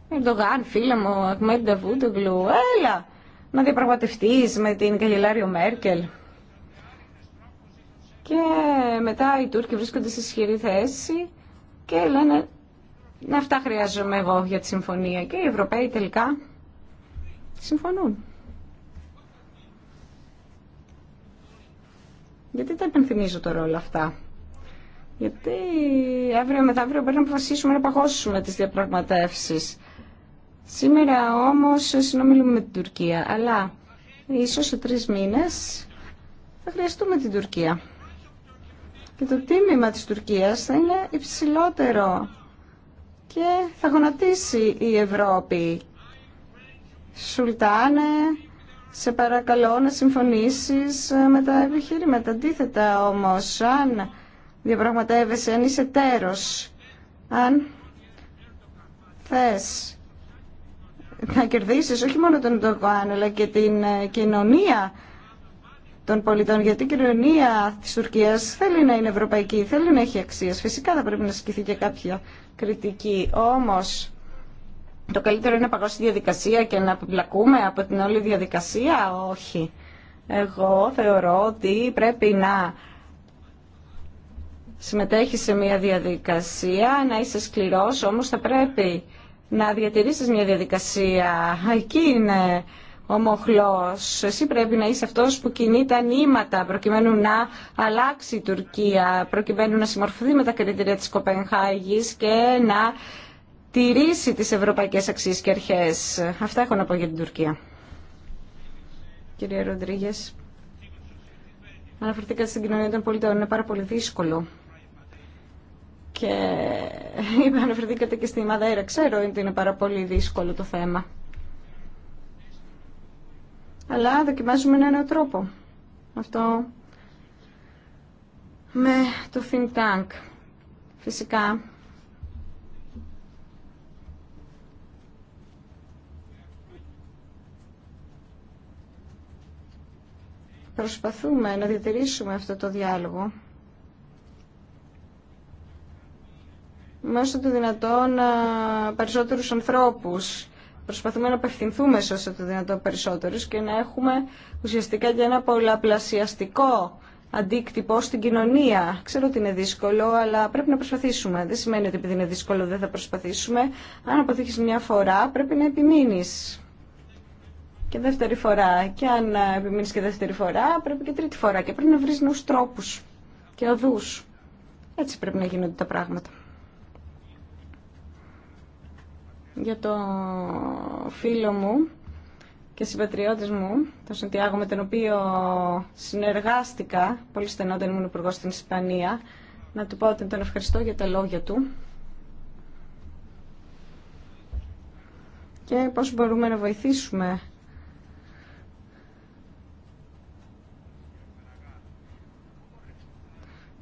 ναι. Ερντογάν, φίλε μου, Αχμέντα Βούντογλου, έλα να διαπραγματευτείς με την καγιλάριο Μέρκελ. Και μετά οι Τούρκοι βρίσκονται σε ισχυρή θέση και λένε να αυτά χρειάζομαι εγώ για τη συμφωνία. Και οι Ευρωπαίοι τελικά συμφωνούν. Γιατί τα επενθυμίζω τώρα όλα αυτά. Γιατί αύριο μεθαύριο πρέπει να αποφασίσουμε να παγώσουμε τις διαπραγματεύσεις. Σήμερα όμως συνομιλούμε με την Τουρκία, αλλά ίσως σε τρεις μήνες θα χρειαστούμε την Τουρκία και το τίμημα της Τουρκίας θα είναι υψηλότερο και θα γονατίσει η Ευρώπη. Σουλτάνε, σε παρακαλώ να συμφωνήσεις ε, με τα επιχείρηματα. Αντίθετα όμως, αν διαπραγματεύεσαι, αν είσαι τέρος, αν θες να κερδίσεις όχι μόνο τον Ντογκάν, αλλά και την ε, κοινωνία των πολιτών, γιατί η κοινωνία της Τουρκίας θέλει να είναι ευρωπαϊκή, θέλει να έχει αξίες. Φυσικά θα πρέπει να σκηθεί και κάποια κριτική, όμως το καλύτερο είναι να παγώσει διαδικασία και να επιπλακούμε από την όλη διαδικασία, όχι. Εγώ θεωρώ ότι πρέπει να συμμετέχει σε μια διαδικασία, να είσαι σκληρός, όμως θα πρέπει να διατηρήσεις μια διαδικασία. Εκεί είναι ο Μοχλός. Εσύ πρέπει να είσαι αυτός που κινεί τα νήματα προκειμένου να αλλάξει η Τουρκία, προκειμένου να συμμορφωθεί με τα κριτήρια της Κοπενχάγης και να τηρήσει τις ευρωπαϊκές αξίες και αρχές. Αυτά έχω να πω για την Τουρκία. Κύριε Ροντρίγε, αναφερθήκατε στην κοινωνία των πολιτών. Είναι πάρα πολύ δύσκολο. Και είπα αναφερθήκατε και στη Μαδέρα. Ξέρω ότι είναι πάρα πολύ δύσκολο το θέμα αλλά δοκιμάζουμε ένα νέο τρόπο. Αυτό με το think tank. Φυσικά προσπαθούμε να διατηρήσουμε αυτό το διάλογο μέσω του δυνατόν περισσότερους ανθρώπους Προσπαθούμε να απευθυνθούμε σε όσο το δυνατό περισσότερους και να έχουμε ουσιαστικά και ένα πολλαπλασιαστικό αντίκτυπο στην κοινωνία. Ξέρω ότι είναι δύσκολο, αλλά πρέπει να προσπαθήσουμε. Δεν σημαίνει ότι επειδή είναι δύσκολο δεν θα προσπαθήσουμε. Αν αποτύχει μια φορά, πρέπει να επιμείνει Και δεύτερη φορά. Και αν επιμείνει και δεύτερη φορά, πρέπει και τρίτη φορά. Και πρέπει να βρει νέου τρόπου. και οδού. Έτσι πρέπει να γίνονται τα πράγματα. για το φίλο μου και συμπατριώτη μου, τον Σαντιάγο, με τον οποίο συνεργάστηκα πολύ στενό όταν ήμουν υπουργό στην Ισπανία. Να του πω ότι τον ευχαριστώ για τα λόγια του. Και πώς μπορούμε να βοηθήσουμε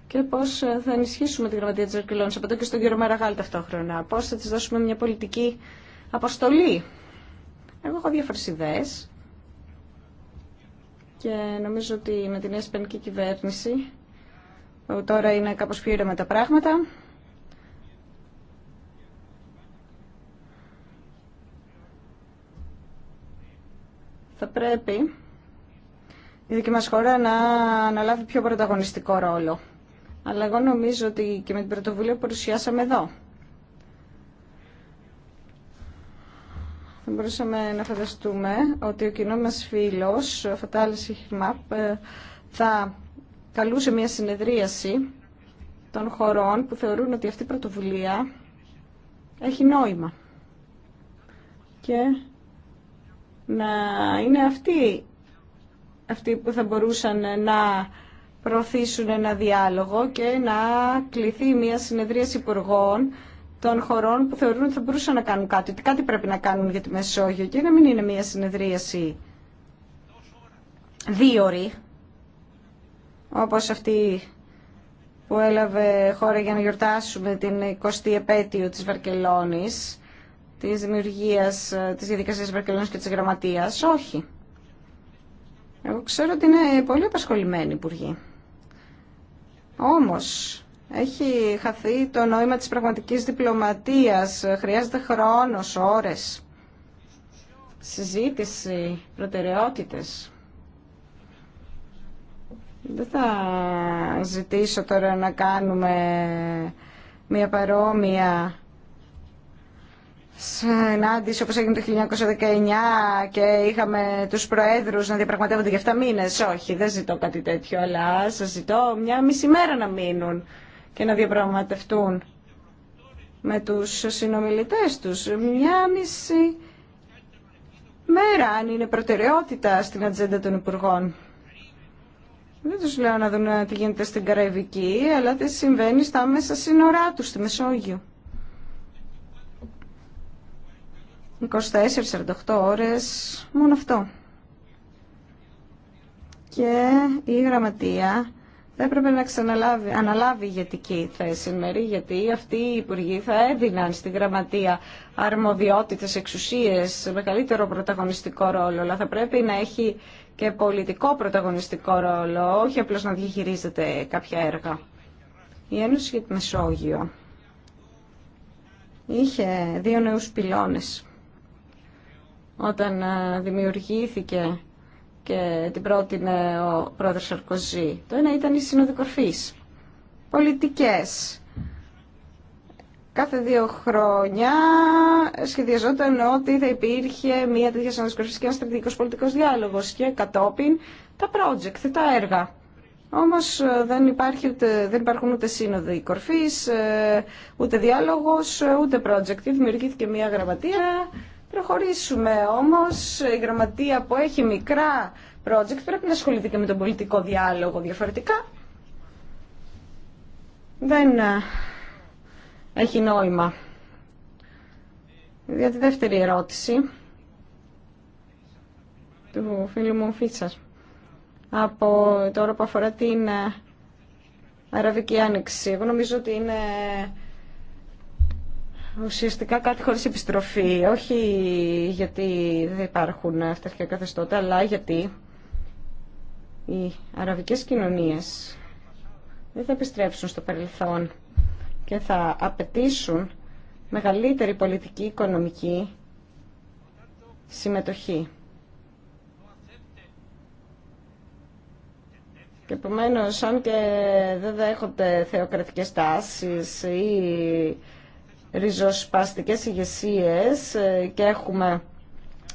και πώς ε, θα ενισχύσουμε τη γραμματεία της από εδώ και στον κύριο Μαραγάλ ταυτόχρονα. Πώς θα τη δώσουμε μια πολιτική αποστολή. Εγώ έχω διάφορε ιδέε. και νομίζω ότι με την νέα κυβέρνηση που τώρα είναι κάπως πιο ήρεμα τα πράγματα θα πρέπει η δική μας χώρα να αναλάβει πιο πρωταγωνιστικό ρόλο αλλά εγώ νομίζω ότι και με την πρωτοβουλία που παρουσιάσαμε εδώ. Θα μπορούσαμε να φανταστούμε ότι ο κοινό μας φίλος, ο Φατάλης Ιχμαπ, ε, θα καλούσε μια συνεδρίαση των χωρών που θεωρούν ότι αυτή η πρωτοβουλία έχει νόημα. Και να είναι αυτοί, αυτοί που θα μπορούσαν να προωθήσουν ένα διάλογο και να κληθεί μια συνεδρίαση υπουργών των χωρών που θεωρούν ότι θα μπορούσαν να κάνουν κάτι, ότι κάτι πρέπει να κάνουν για τη Μεσόγειο και να μην είναι μια συνεδρίαση δίωρη, όπως αυτή που έλαβε χώρα για να γιορτάσουμε την 20η επέτειο της Βαρκελόνης, της δημιουργίας της διαδικασίας Βαρκελόνης και της Γραμματείας. Όχι. Εγώ ξέρω ότι είναι πολύ απασχολημένοι οι υπουργοί. Όμως, έχει χαθεί το νόημα της πραγματικής διπλωματίας. Χρειάζεται χρόνος, ώρες, συζήτηση, προτεραιότητες. Δεν θα ζητήσω τώρα να κάνουμε μια παρόμοια συνάντηση όπως έγινε το 1919 και είχαμε τους προέδρους να διαπραγματεύονται για 7 μήνες. Όχι, δεν ζητώ κάτι τέτοιο, αλλά σα ζητώ μια μισή μέρα να μείνουν και να διαπραγματευτούν με τους συνομιλητέ τους. Μια μισή μέρα, αν είναι προτεραιότητα στην ατζέντα των Υπουργών. Δεν τους λέω να δουν τι γίνεται στην Καραϊβική, αλλά τι συμβαίνει στα μέσα σύνορά τους, στη Μεσόγειο. 24-48 ώρες, μόνο αυτό. Και η γραμματεία θα έπρεπε να ξαναλάβει, αναλάβει ηγετική θέση γιατί αυτοί οι υπουργοί θα έδιναν στη γραμματεία αρμοδιότητες, εξουσίες, μεγαλύτερο πρωταγωνιστικό ρόλο, αλλά θα πρέπει να έχει και πολιτικό πρωταγωνιστικό ρόλο, όχι απλώς να διαχειρίζεται κάποια έργα. Η Ένωση για τη Μεσόγειο είχε δύο νέους πυλώνες όταν ε, δημιουργήθηκε και την πρότεινε ο πρόεδρος Σαρκοζή. Το ένα ήταν οι συνοδικορφείς, Πολιτικές. Κάθε δύο χρόνια σχεδιαζόταν ότι θα υπήρχε μια τέτοια συνοδικορφής και ένα στρατηγικός πολιτικός διάλογος και κατόπιν τα project, τα έργα. Όμως ε, δεν, υπάρχει δεν υπάρχουν ούτε σύνοδοι κορφής, ε, ούτε διάλογος, ούτε project. Δημιουργήθηκε μια γραμματεία προχωρήσουμε. Όμως η γραμματεία που έχει μικρά project πρέπει να ασχοληθεί και με τον πολιτικό διάλογο διαφορετικά. Δεν ε, έχει νόημα. Για τη δεύτερη ερώτηση του φίλου μου Φίτσας από το όρο που αφορά την ε, Αραβική Άνοιξη. Εγώ νομίζω ότι είναι ουσιαστικά κάτι χωρίς επιστροφή, όχι γιατί δεν υπάρχουν αυταρχικά καθεστώτα, αλλά γιατί οι αραβικές κοινωνίες δεν θα επιστρέψουν στο παρελθόν και θα απαιτήσουν μεγαλύτερη πολιτική, οικονομική συμμετοχή. Και επομένω, αν και δεν δέχονται θεοκρατικές τάσεις ή ριζοσπαστικές ηγεσίε ε, και έχουμε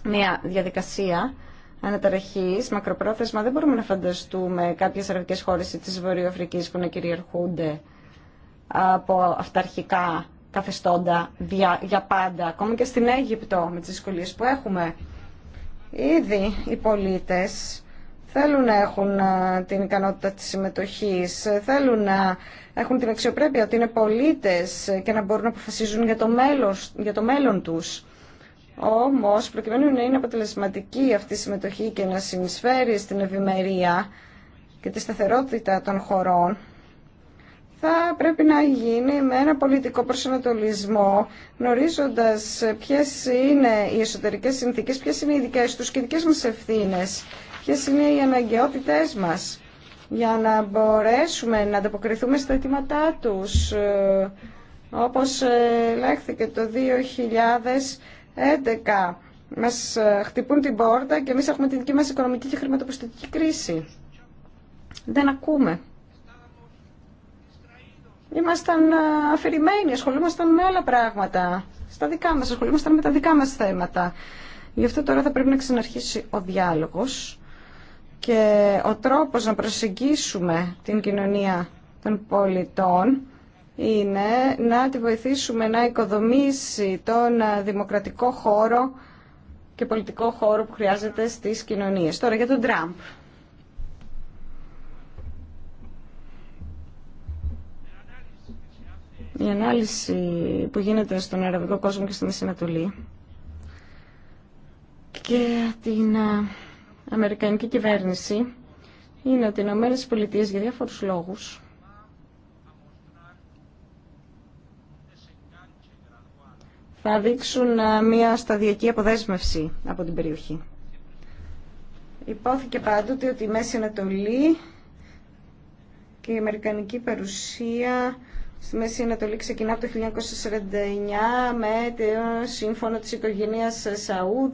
μια διαδικασία αναταραχής, μακροπρόθεσμα, δεν μπορούμε να φανταστούμε κάποιες αραβικές χώρες της Βορειοαφρική που να κυριαρχούνται από αυταρχικά καθεστώντα για πάντα, ακόμα και στην Αίγυπτο με τις δυσκολίε που έχουμε. Ήδη οι πολίτες θέλουν να έχουν την ικανότητα της συμμετοχής, θέλουν να έχουν την αξιοπρέπεια ότι είναι πολίτες και να μπορούν να αποφασίζουν για το μέλλον, για το μέλλον τους. Όμως, προκειμένου να είναι αποτελεσματική αυτή η συμμετοχή και να συνεισφέρει στην ευημερία και τη σταθερότητα των χωρών, θα πρέπει να γίνει με ένα πολιτικό προσανατολισμό, γνωρίζοντας ποιες είναι οι εσωτερικές συνθήκες, ποιες είναι οι δικές τους και οι δικές μας ευθύνες ποιες είναι οι αναγκαιότητές μας για να μπορέσουμε να ανταποκριθούμε στα αιτήματά τους. Ε, όπως λέχθηκε το 2011, μας ε, χτυπούν την πόρτα και εμείς έχουμε την δική μας οικονομική και χρηματοπιστωτική κρίση. Δεν ακούμε. Ήμασταν ε, αφηρημένοι, ασχολούμασταν με άλλα πράγματα. Στα δικά μας, ασχολούμασταν με τα δικά μας θέματα. Γι' αυτό τώρα θα πρέπει να ξαναρχίσει ο διάλογος και ο τρόπος να προσεγγίσουμε την κοινωνία των πολιτών είναι να τη βοηθήσουμε να οικοδομήσει τον δημοκρατικό χώρο και πολιτικό χώρο που χρειάζεται στις κοινωνίες. Τώρα για τον Τραμπ. Η ανάλυση που γίνεται στον αραβικό κόσμο και στην και την ε, Αμερικανική κυβέρνηση είναι ότι οι Ηνωμένε Πολιτείε για διάφορους λόγους θα δείξουν ε, μια σταδιακή αποδέσμευση από την περιοχή. Υπόθηκε πάντοτε ότι η Μέση Ανατολή και η Αμερικανική παρουσία στη Μέση Ανατολή ξεκινά από το 1949 με το σύμφωνο της οικογένειας Σαούδ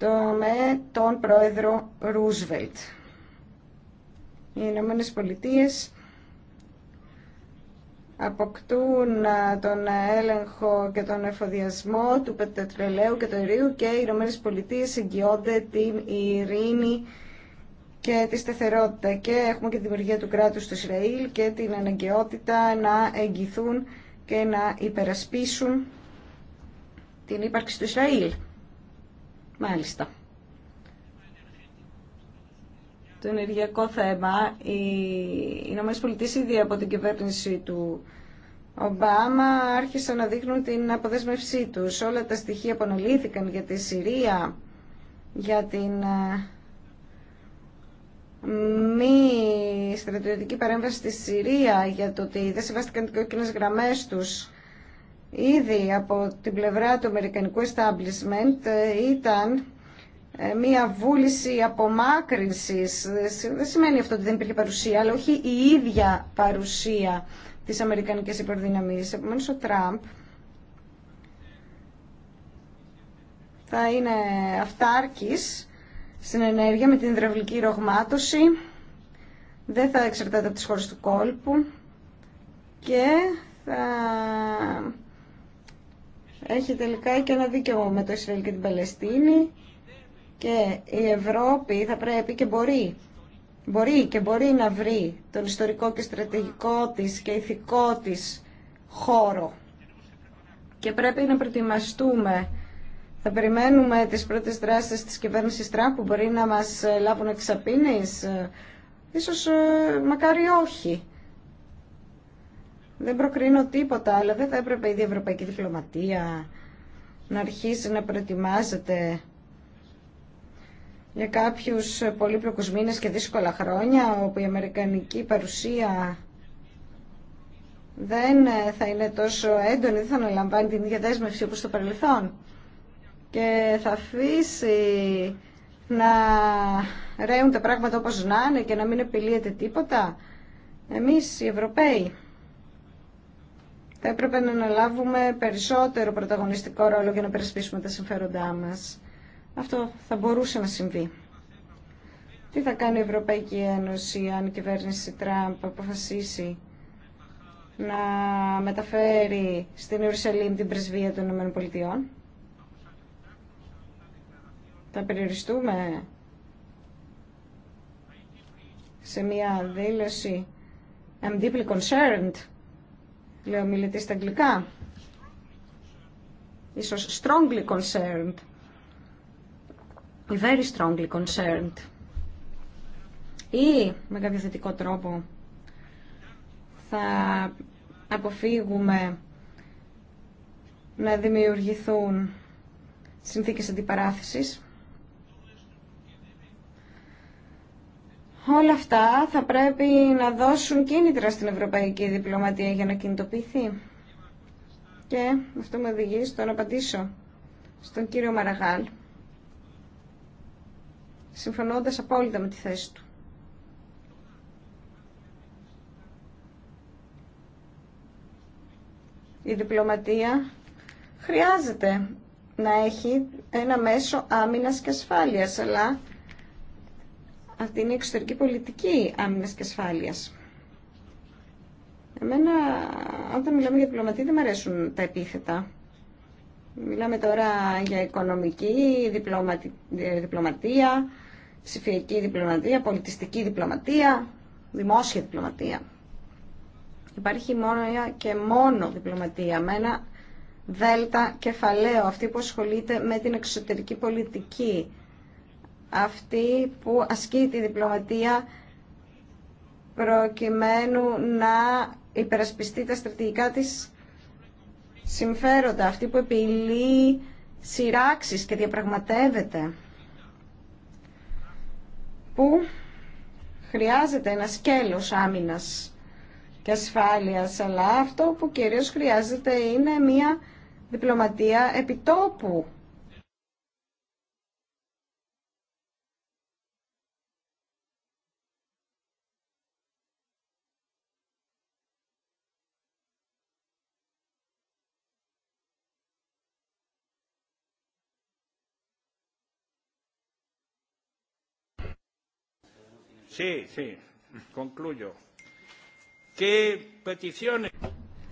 το, με τον πρόεδρο Ρούσβελτ. Οι Ηνωμένε Πολιτείε αποκτούν τον έλεγχο και τον εφοδιασμό του πετρελαίου και του αερίου και οι Ηνωμένε Πολιτείε εγγυώνται την ειρήνη και τη σταθερότητα και έχουμε και τη δημιουργία του κράτους του Ισραήλ και την αναγκαιότητα να εγγυθούν και να υπερασπίσουν την ύπαρξη του Ισραήλ. Μάλιστα. Το ενεργειακό θέμα, οι Ηνωμένε Πολιτείε ήδη από την κυβέρνηση του Ομπάμα άρχισαν να δείχνουν την αποδέσμευσή τους. Όλα τα στοιχεία που αναλύθηκαν για τη Συρία, για την ε, μη στρατιωτική παρέμβαση στη Συρία για το ότι δεν σεβάστηκαν οι κόκκινε γραμμέ τους ήδη από την πλευρά του Αμερικανικού establishment ε, ήταν ε, μια βούληση απομάκρυνσης. Δεν σημαίνει αυτό ότι δεν υπήρχε παρουσία, αλλά όχι η ίδια παρουσία της Αμερικανικής υπερδυναμής. Επομένως ο Τραμπ θα είναι αυτάρκης στην ενέργεια με την υδραυλική ρογμάτωση, δεν θα εξαρτάται από τις χώρες του κόλπου και θα έχει τελικά και ένα δίκαιο με το Ισραήλ και την Παλαιστίνη και η Ευρώπη θα πρέπει και μπορεί, μπορεί και μπορεί να βρει τον ιστορικό και στρατηγικό της και ηθικό της χώρο. Και πρέπει να προετοιμαστούμε. Θα περιμένουμε τις πρώτες δράσεις της κυβέρνησης Τραμπ που μπορεί να μας λάβουν εξαπίνες. Ίσως ε, μακάρι όχι. Δεν προκρίνω τίποτα, αλλά δεν θα έπρεπε η ευρωπαϊκή διπλωματία να αρχίσει να προετοιμάζεται για κάποιους πολύπλοκους μήνες και δύσκολα χρόνια όπου η αμερικανική παρουσία δεν θα είναι τόσο έντονη, δεν θα αναλαμβάνει την ίδια δέσμευση όπως στο παρελθόν και θα αφήσει να ρέουν τα πράγματα όπως να είναι και να μην επιλύεται τίποτα. Εμείς οι Ευρωπαίοι θα έπρεπε να αναλάβουμε περισσότερο πρωταγωνιστικό ρόλο για να περισπίσουμε τα συμφέροντά μας. Αυτό θα μπορούσε να συμβεί. Τι θα κάνει η Ευρωπαϊκή Ένωση αν η κυβέρνηση Τραμπ αποφασίσει να μεταφέρει στην Ιερουσαλήμ την πρεσβεία των ΗΠΑ. Θα περιοριστούμε σε μια δήλωση I'm deeply concerned Λέω μιλητή στα αγγλικά. Ίσως strongly concerned. Very strongly concerned. Ή με κάποιο θετικό τρόπο θα αποφύγουμε να δημιουργηθούν συνθήκες αντιπαράθεσης Όλα αυτά θα πρέπει να δώσουν κίνητρα στην ευρωπαϊκή διπλωματία για να κινητοποιηθεί. Και αυτό με οδηγεί στο να απαντήσω στον κύριο Μαραγάλ, συμφωνώντας απόλυτα με τη θέση του. Η διπλωματία χρειάζεται να έχει ένα μέσο άμυνας και ασφάλειας, αλλά αυτή είναι η εξωτερική πολιτική άμυνα και ασφάλεια. Εμένα, όταν μιλάμε για διπλωματία, δεν μου αρέσουν τα επίθετα. Μιλάμε τώρα για οικονομική διπλωματία, ψηφιακή διπλωματία, πολιτιστική διπλωματία, δημόσια διπλωματία. Υπάρχει μόνο και μόνο διπλωματία με ένα δέλτα κεφαλαίο, αυτή που ασχολείται με την εξωτερική πολιτική αυτή που ασκεί τη διπλωματία προκειμένου να υπερασπιστεί τα στρατηγικά της συμφέροντα, αυτή που επιλύει σειράξεις και διαπραγματεύεται, που χρειάζεται ένα σκέλος άμυνας και ασφάλειας, αλλά αυτό που κυρίως χρειάζεται είναι μια διπλωματία επιτόπου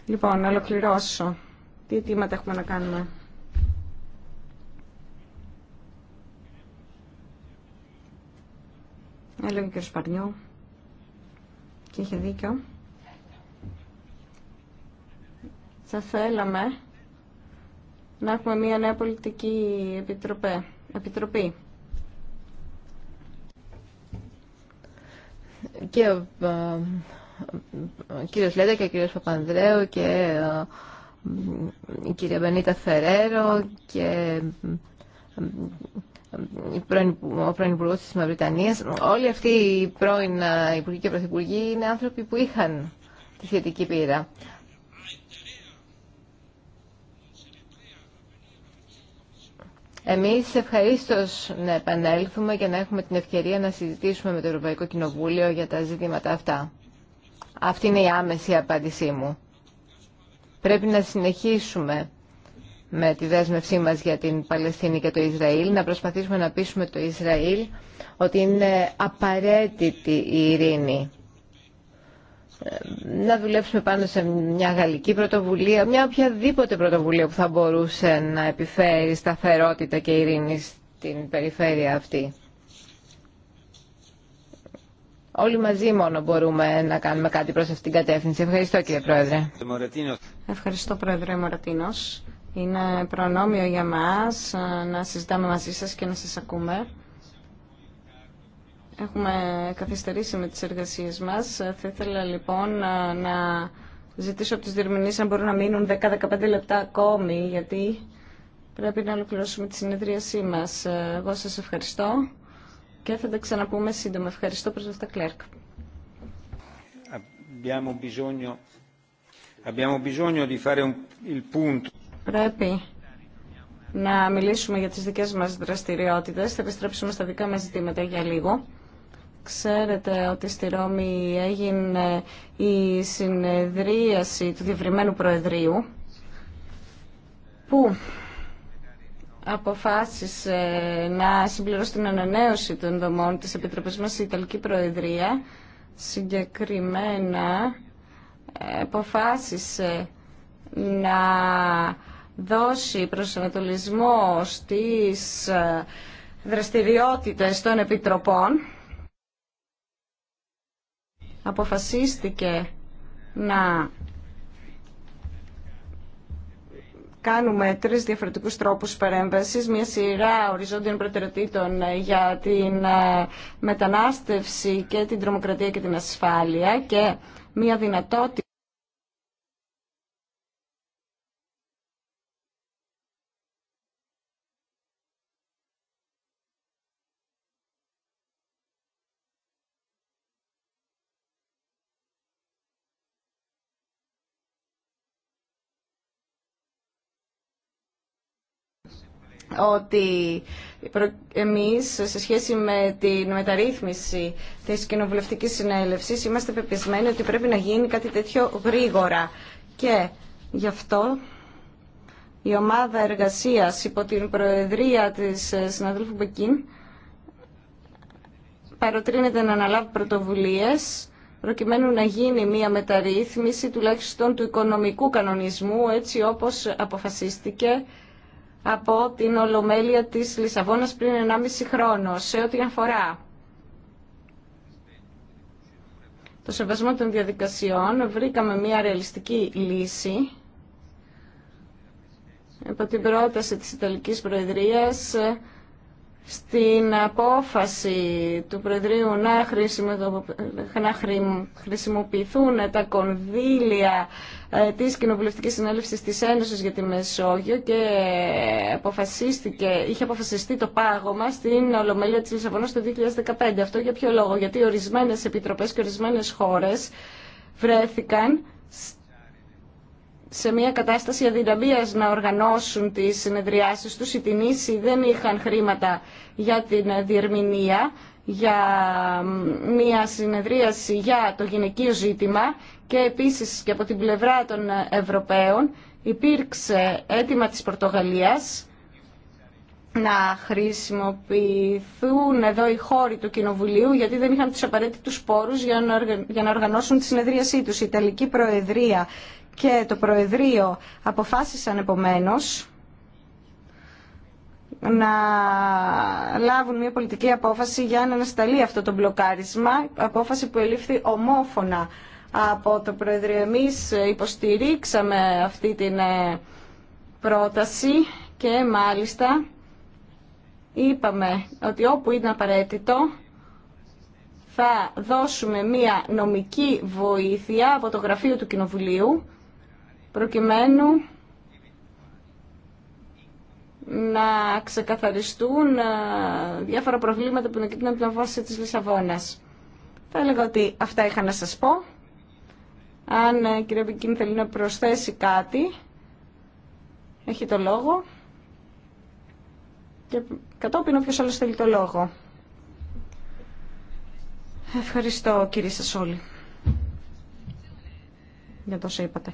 Λοιπόν, να ολοκληρώσω. Τι αιτήματα έχουμε να κάνουμε. Έλεγε ο κ. και είχε δίκιο. Θα θέλαμε να έχουμε μια νέα πολιτική επιτροπή. επιτροπή. και ο ε, ε, κύριος Λέντα και ο κύριος Παπανδρέου και ε, η κυρία Μπενίτα Φεραίρο και ο πρώην Υπουργό τη Μαυριτανία. Όλοι αυτοί οι πρώην Υπουργοί και Πρωθυπουργοί είναι άνθρωποι που είχαν τη σχετική πείρα. Εμείς ευχαρίστως να επανέλθουμε και να έχουμε την ευκαιρία να συζητήσουμε με το Ευρωπαϊκό Κοινοβούλιο για τα ζητήματα αυτά. Αυτή είναι η άμεση απάντησή μου. Πρέπει να συνεχίσουμε με τη δέσμευσή μας για την Παλαιστίνη και το Ισραήλ, να προσπαθήσουμε να πείσουμε το Ισραήλ ότι είναι απαραίτητη η ειρήνη να δουλέψουμε πάνω σε μια γαλλική πρωτοβουλία, μια οποιαδήποτε πρωτοβουλία που θα μπορούσε να επιφέρει σταθερότητα και ειρήνη στην περιφέρεια αυτή. Όλοι μαζί μόνο μπορούμε να κάνουμε κάτι προς αυτήν την κατεύθυνση. Ευχαριστώ κύριε Πρόεδρε. Ευχαριστώ Πρόεδρε Μωρατίνος. Είναι προνόμιο για μας ε, να συζητάμε μαζί σας και να σας ακούμε. Έχουμε καθυστερήσει με τις εργασίες μας. Θα ήθελα λοιπόν να ζητήσω από τους διερμηνείς αν μπορούν να μείνουν 10-15 λεπτά ακόμη, γιατί πρέπει να ολοκληρώσουμε τη συνεδρίασή μας. Εγώ σας ευχαριστώ και θα τα ξαναπούμε σύντομα. Ευχαριστώ προς αυτά, Κλέρκ. Πρέπει να μιλήσουμε για τις δικές μας δραστηριότητες. Θα επιστρέψουμε στα δικά μας ζητήματα για λίγο. Ξέρετε ότι στη Ρώμη έγινε η συνεδρίαση του διευρυμένου Προεδρίου που αποφάσισε να συμπληρώσει την ανανέωση των δομών της Επιτροπής μας η Ιταλική Προεδρία συγκεκριμένα αποφάσισε να δώσει προσανατολισμό στις δραστηριότητες των επιτροπών αποφασίστηκε να κάνουμε τρεις διαφορετικούς τρόπους παρέμβασης, μια σειρά οριζόντιων προτεραιοτήτων για την ε, μετανάστευση και την τρομοκρατία και την ασφάλεια και μια δυνατότητα ότι εμείς σε σχέση με την μεταρρύθμιση της κοινοβουλευτικής συνέλευσης είμαστε πεπισμένοι ότι πρέπει να γίνει κάτι τέτοιο γρήγορα και γι' αυτό η ομάδα εργασίας υπό την προεδρία της ε, συναδέλφου Μπεκίν παροτρύνεται να αναλάβει πρωτοβουλίες προκειμένου να γίνει μια μεταρρύθμιση τουλάχιστον του οικονομικού κανονισμού έτσι όπως αποφασίστηκε από την Ολομέλεια της Λισαβόνας πριν 1,5 χρόνο σε ό,τι αφορά το σεβασμό των διαδικασιών βρήκαμε μια ρεαλιστική λύση από την πρόταση της Ιταλικής Προεδρίας στην απόφαση του Προεδρείου να χρησιμοποιηθούν τα κονδύλια ε, της Κοινοβουλευτικής Συνέλευσης της Ένωσης για τη Μεσόγειο και αποφασίστηκε, είχε αποφασιστεί το πάγωμα στην Ολομέλεια της Λισαβόνας το 2015. Αυτό για ποιο λόγο, γιατί ορισμένες επιτροπές και ορισμένες χώρες βρέθηκαν σε μια κατάσταση αδυναμίας να οργανώσουν τις συνεδριάσεις τους. Οι Τινήσοι δεν είχαν χρήματα για την διερμηνία, για μια συνεδρίαση για το γυναικείο ζήτημα και επίσης και από την πλευρά των Ευρωπαίων υπήρξε αίτημα της Πορτογαλίας να χρησιμοποιηθούν εδώ οι χώροι του Κοινοβουλίου γιατί δεν είχαν τους απαραίτητους πόρους για να οργανώσουν τη συνεδρίασή τους. Η Ιταλική Προεδρία και το Προεδρείο αποφάσισαν επομένως να λάβουν μια πολιτική απόφαση για να ανασταλεί αυτό το μπλοκάρισμα, απόφαση που ελήφθη ομόφωνα από το Προεδρείο. Εμείς υποστηρίξαμε αυτή την ε, πρόταση και μάλιστα είπαμε ότι όπου είναι απαραίτητο θα δώσουμε μια νομική βοήθεια από το Γραφείο του Κοινοβουλίου προκειμένου να ξεκαθαριστούν ε, διάφορα προβλήματα που είναι από την βάση της Λισαβόνας. Θα έλεγα ότι αυτά είχα να σας πω. Αν ε, κυρία Μπικίν θέλει να προσθέσει κάτι, έχει το λόγο. Και κατόπιν όποιος άλλος θέλει το λόγο. Ευχαριστώ κύριε σας όλοι για τόσο είπατε.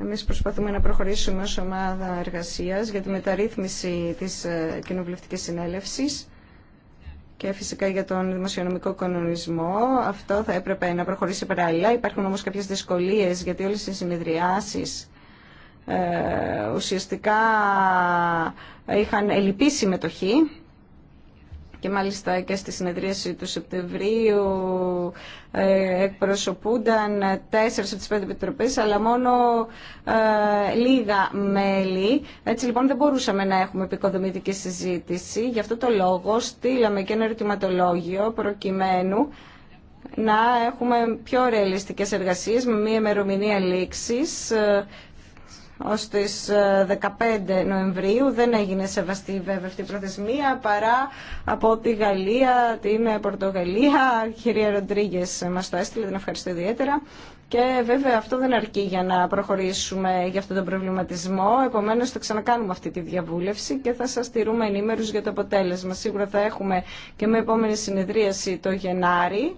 Εμείς προσπαθούμε να προχωρήσουμε ως ομάδα εργασίας για τη μεταρρύθμιση της ε, κοινοβουλευτικής συνέλευσης και φυσικά για τον δημοσιονομικό κανονισμό. Αυτό θα έπρεπε να προχωρήσει παράλληλα. Υπάρχουν όμως κάποιες δυσκολίες γιατί όλες οι συνεδριάσεις ε, ουσιαστικά είχαν ελλειπή συμμετοχή και μάλιστα και στη συνεδρίαση του Σεπτεμβρίου ε, εκπροσωπούνταν τέσσερις από τις πέντε επιτροπές αλλά μόνο ε, λίγα μέλη. Έτσι λοιπόν δεν μπορούσαμε να έχουμε επικοδομητική συζήτηση. Γι' αυτό το λόγο στείλαμε και ένα ερωτηματολόγιο προκειμένου να έχουμε πιο ρεαλιστικές εργασίες με μία ημερομηνία λήξης ε, ως τις 15 ε, Νοεμβρίου. Δεν έγινε σεβαστή βέβαια αυτή η προθεσμία παρά από τη Γαλλία, την Πορτογαλία. Η κυρία Ροντρίγες μας το έστειλε, την ευχαριστώ ιδιαίτερα. Και βέβαια αυτό δεν αρκεί για να προχωρήσουμε για αυτόν τον προβληματισμό. Επομένω, θα ξανακάνουμε αυτή τη διαβούλευση και θα σα τηρούμε ενήμερου για το αποτέλεσμα. Σίγουρα θα έχουμε και με επόμενη συνεδρίαση το Γενάρη.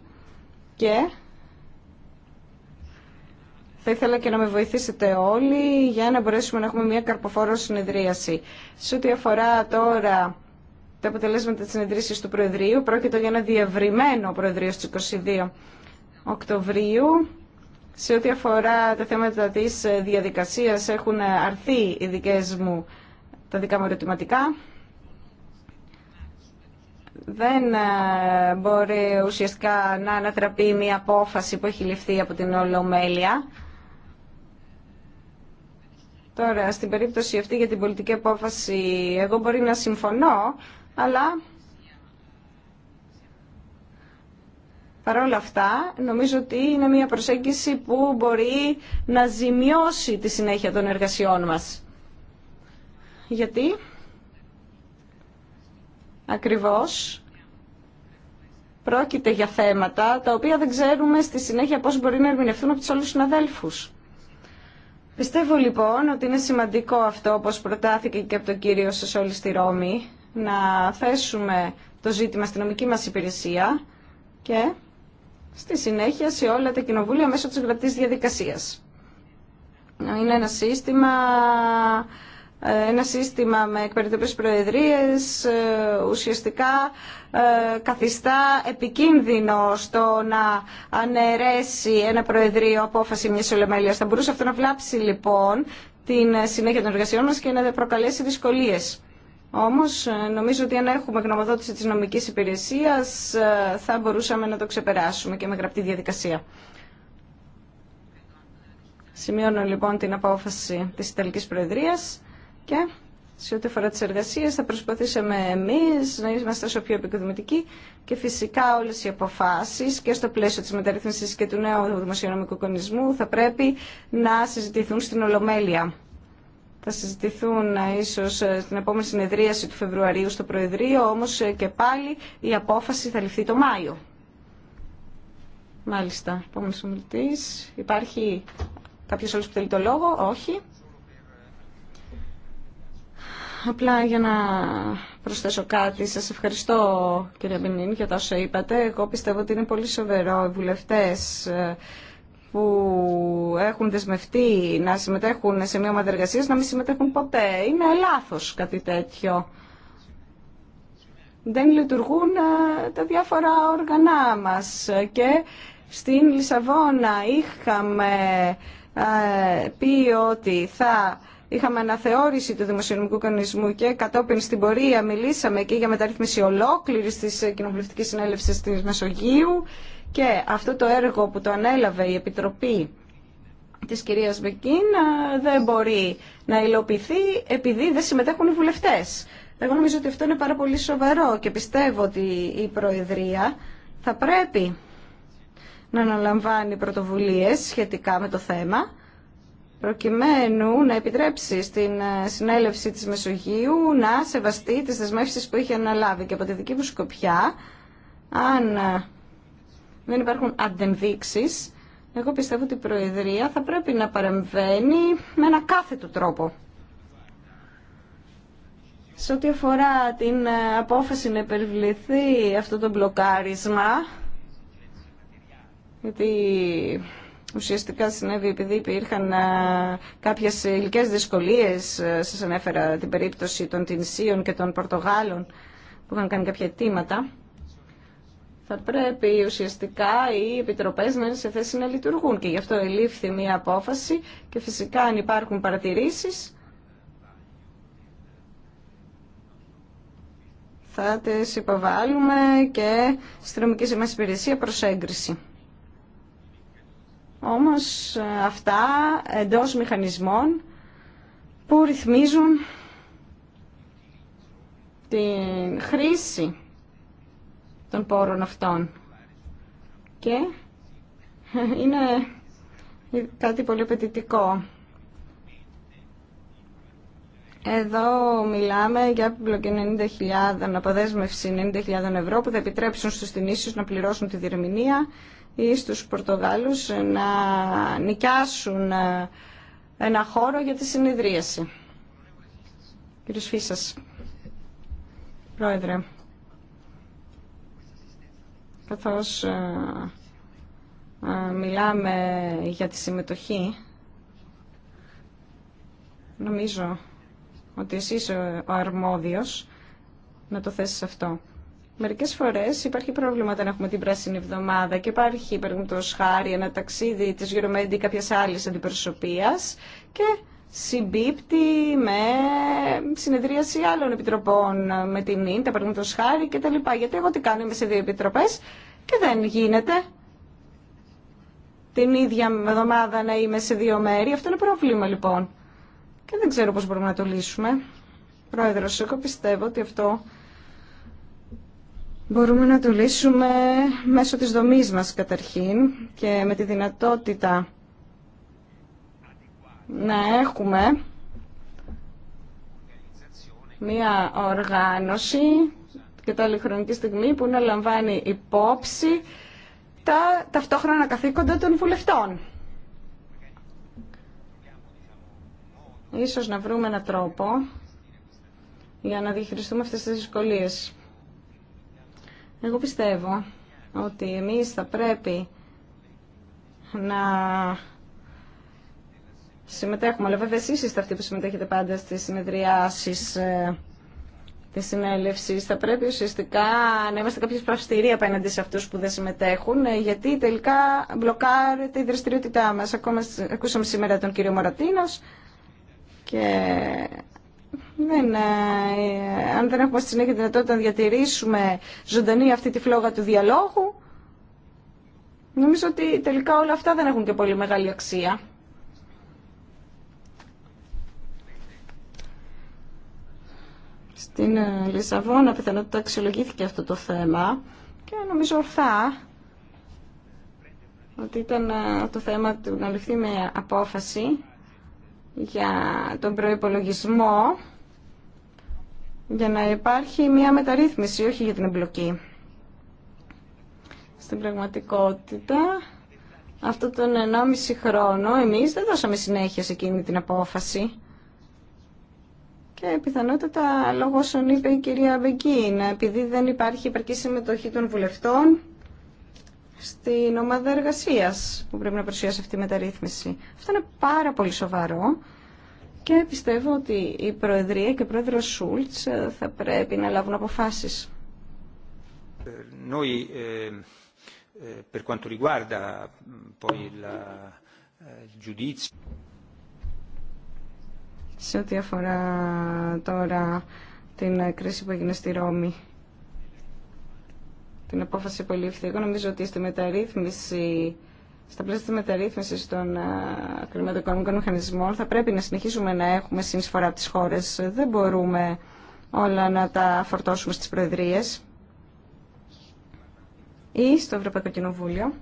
Και θα ήθελα και να με βοηθήσετε όλοι για να μπορέσουμε να έχουμε μια καρποφόρο συνεδρίαση. Σε ό,τι αφορά τώρα τα αποτελέσματα της συνεδρίσης του Προεδρείου, πρόκειται για ένα διευρυμένο Προεδρείο στις 22 Οκτωβρίου. Σε ό,τι αφορά τα θέματα της διαδικασίας έχουν αρθεί οι δικές μου τα δικά μου ερωτηματικά. Δεν ε, μπορεί ουσιαστικά να ανατραπεί μια απόφαση που έχει ληφθεί από την Ολομέλεια. Τώρα, στην περίπτωση αυτή για την πολιτική απόφαση, εγώ μπορεί να συμφωνώ, αλλά παρόλα αυτά νομίζω ότι είναι μια προσέγγιση που μπορεί να ζημιώσει τη συνέχεια των εργασιών μας. Γιατί ακριβώς πρόκειται για θέματα τα οποία δεν ξέρουμε στη συνέχεια πώς μπορεί να ερμηνευτούν από τους όλους συναδέλφους. Πιστεύω λοιπόν ότι είναι σημαντικό αυτό, όπως προτάθηκε και από τον κύριο Σεσόλη στη Ρώμη, να θέσουμε το ζήτημα στην νομική μας υπηρεσία και στη συνέχεια σε όλα τα κοινοβούλια μέσω της γραπτής διαδικασίας. Είναι ένα σύστημα ε, ένα σύστημα με εκπαιδευτικές προεδρίες ε, ουσιαστικά ε, καθιστά επικίνδυνο στο να αναιρέσει ένα προεδρείο απόφαση μιας ολομέλειας. Θα μπορούσε αυτό να βλάψει λοιπόν την συνέχεια των εργασιών μας και να προκαλέσει δυσκολίες. Όμως νομίζω ότι αν έχουμε γνωμοδότηση της νομικής υπηρεσίας θα μπορούσαμε να το ξεπεράσουμε και με γραπτή διαδικασία. Σημειώνω λοιπόν την απόφαση της Ιταλικής Προεδρίας και σε ό,τι αφορά τις εργασίες θα προσπαθήσαμε εμείς να είμαστε όσο πιο επικοδομητικοί και φυσικά όλες οι αποφάσεις και στο πλαίσιο της μεταρρύθμισης και του νέου δημοσιονομικού κονισμού θα πρέπει να συζητηθούν στην Ολομέλεια. Θα συζητηθούν ε, ίσως ε, στην επόμενη συνεδρίαση του Φεβρουαρίου στο Προεδρείο, όμως ε, και πάλι η απόφαση θα ληφθεί το Μάιο. Μάλιστα, επόμενος ομιλητής. Υπάρχει κάποιος άλλος που θέλει το λόγο, όχι. Απλά για να προσθέσω κάτι. Σας ευχαριστώ κύριε Μπινίν για τα όσα είπατε. Εγώ πιστεύω ότι είναι πολύ σοβαρό οι βουλευτές ε, που έχουν δεσμευτεί να συμμετέχουν σε μια ομάδα εργασία να μην συμμετέχουν ποτέ. Είναι λάθος κάτι τέτοιο. Δεν λειτουργούν ε, τα διάφορα όργανά μας και στην Λισαβόνα είχαμε ε, πει ότι θα Είχαμε αναθεώρηση του δημοσιονομικού κανονισμού και κατόπιν στην πορεία μιλήσαμε και για μεταρρύθμιση ολόκληρη τη κοινοβουλευτική συνέλευση τη Μεσογείου. Και αυτό το έργο που το ανέλαβε η Επιτροπή της κυρίας Μπεκίν δεν μπορεί να υλοποιηθεί επειδή δεν συμμετέχουν οι βουλευτές. Εγώ νομίζω ότι αυτό είναι πάρα πολύ σοβαρό και πιστεύω ότι η Προεδρία θα πρέπει να αναλαμβάνει πρωτοβουλίες σχετικά με το θέμα προκειμένου να επιτρέψει στην ε, συνέλευση της Μεσογείου να σεβαστεί τις δεσμεύσεις που είχε αναλάβει. Και από τη δική μου σκοπιά, αν ε, δεν υπάρχουν αντεμβήξεις, εγώ πιστεύω ότι η Προεδρία θα πρέπει να παρεμβαίνει με ένα κάθετο τρόπο. Σε ό,τι αφορά την ε, απόφαση να υπερβληθεί αυτό το μπλοκάρισμα, γιατί ουσιαστικά συνέβη επειδή υπήρχαν κάποιες υλικέ δυσκολίες, σας ανέφερα την περίπτωση των Τινσίων και των Πορτογάλων που είχαν κάνει κάποια αιτήματα, θα πρέπει ουσιαστικά οι επιτροπές να είναι σε θέση να λειτουργούν και γι' αυτό ελήφθη μια απόφαση και φυσικά αν υπάρχουν παρατηρήσεις θα τις υποβάλουμε και στη νομική μας υπηρεσία προς έγκριση όμως ε, αυτά εντός μηχανισμών που ρυθμίζουν την χρήση των πόρων αυτών. Και είναι κάτι πολύ απαιτητικό. Εδώ μιλάμε για επιπλοκή 90.000, αποδέσμευση 90.000 ευρώ που θα επιτρέψουν στους τινήσιους να πληρώσουν τη διερμηνία ή στους Πορτογάλους να νοικιάσουν ε, ένα χώρο για τη συνειδρίαση. Κύριος Φίσας, Πρόεδρε, καθώς ε, ε, μιλάμε για τη συμμετοχή, νομίζω ότι εσείς ο αρμόδιος να το θέσεις αυτό. Μερικέ φορέ υπάρχει πρόβλημα όταν έχουμε την πράσινη εβδομάδα και υπάρχει, παραδείγματο χάρη, ένα ταξίδι τη Γερομέντη ή κάποια άλλη αντιπροσωπεία και συμπίπτει με συνεδρίαση άλλων επιτροπών, με την ΙΝΤΑ, παραδείγματο χάρη κτλ. Γιατί εγώ τι κάνω, είμαι σε δύο επιτροπέ και δεν γίνεται την ίδια εβδομάδα να είμαι σε δύο μέρη. Αυτό είναι πρόβλημα λοιπόν. Και δεν ξέρω πώ μπορούμε να το λύσουμε. Πρόεδρο, εγώ πιστεύω ότι αυτό Μπορούμε να το λύσουμε μέσω της δομής μας καταρχήν και με τη δυνατότητα να έχουμε μία οργάνωση και τα χρονική στιγμή που να λαμβάνει υπόψη τα ταυτόχρονα καθήκοντα των βουλευτών. Ίσως να βρούμε έναν τρόπο για να διαχειριστούμε αυτές τις δυσκολίες. Εγώ πιστεύω ότι εμείς θα πρέπει να συμμετέχουμε. Αλλά βέβαια εσείς είστε αυτοί που συμμετέχετε πάντα στις συνεδριάσεις ε, της συνέλευσης. Θα πρέπει ουσιαστικά να είμαστε κάποιες προαυστηροί απέναντι σε αυτούς που δεν συμμετέχουν, ε, γιατί τελικά μπλοκάρεται η δραστηριότητά μας. Ακόμα ακούσαμε σήμερα τον κύριο Μωρατίνος και ναι, ναι. αν δεν έχουμε στη συνέχεια δυνατότητα να διατηρήσουμε ζωντανή αυτή τη φλόγα του διαλόγου, νομίζω ότι τελικά όλα αυτά δεν έχουν και πολύ μεγάλη αξία. Στην ε, Λισαβόνα πιθανότητα αξιολογήθηκε αυτό το θέμα και νομίζω ορθά ότι ήταν ε, το θέμα του να ληφθεί με απόφαση για τον προϋπολογισμό για να υπάρχει μια μεταρρύθμιση, όχι για την εμπλοκή. Στην πραγματικότητα, αυτό τον 1,5 χρόνο εμείς δεν δώσαμε συνέχεια σε εκείνη την απόφαση. Και πιθανότατα, λόγω όσων είπε η κυρία Μπεγκίν, επειδή δεν υπάρχει υπαρκή συμμετοχή των βουλευτών στην ομάδα εργασίας που πρέπει να παρουσιάσει αυτή η μεταρρύθμιση. Αυτό είναι πάρα πολύ σοβαρό και πιστεύω ότι η Προεδρία και ο Πρόεδρος Σούλτς ε, θα πρέπει να λάβουν αποφάσεις. Ε, noi, ε, per quanto riguarda mm, poi eh, giudizio... Σε ό,τι αφορά τώρα την κρίση που έγινε στη Ρώμη, την απόφαση που ελήφθη, εγώ νομίζω ότι στη μεταρρύθμιση στα πλαίσια τη μεταρρύθμιση των ε, κλιματοοικονομικών μηχανισμών θα πρέπει να συνεχίσουμε να έχουμε συνεισφορά από τις χώρες. Δεν μπορούμε όλα να τα φορτώσουμε στις προεδρίες ή στο Ευρωπαϊκό Κοινοβούλιο,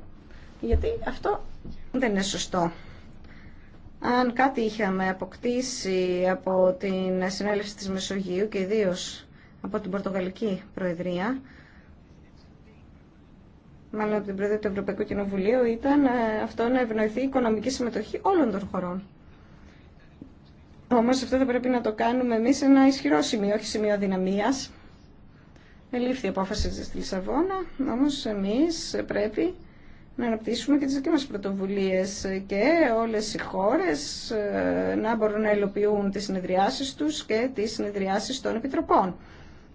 γιατί αυτό δεν είναι σωστό. Αν κάτι είχαμε αποκτήσει από την συνέλευση της Μεσογείου και ιδίω από την Πορτογαλική Προεδρία, μάλλον από την Πρόεδρο του Ευρωπαϊκού Κοινοβουλίου, ήταν ε, αυτό να ευνοηθεί η οικονομική συμμετοχή όλων των χωρών. Όμω αυτό θα πρέπει να το κάνουμε εμεί σε ένα ισχυρό σημείο, όχι σημείο αδυναμία. Ελήφθη η απόφαση στη Λισαβόνα, όμω εμεί πρέπει να αναπτύσσουμε και τι δικέ μα πρωτοβουλίε και όλε οι χώρες ε, να μπορούν να υλοποιούν τι συνεδριάσει του και τι συνεδριάσει των επιτροπών.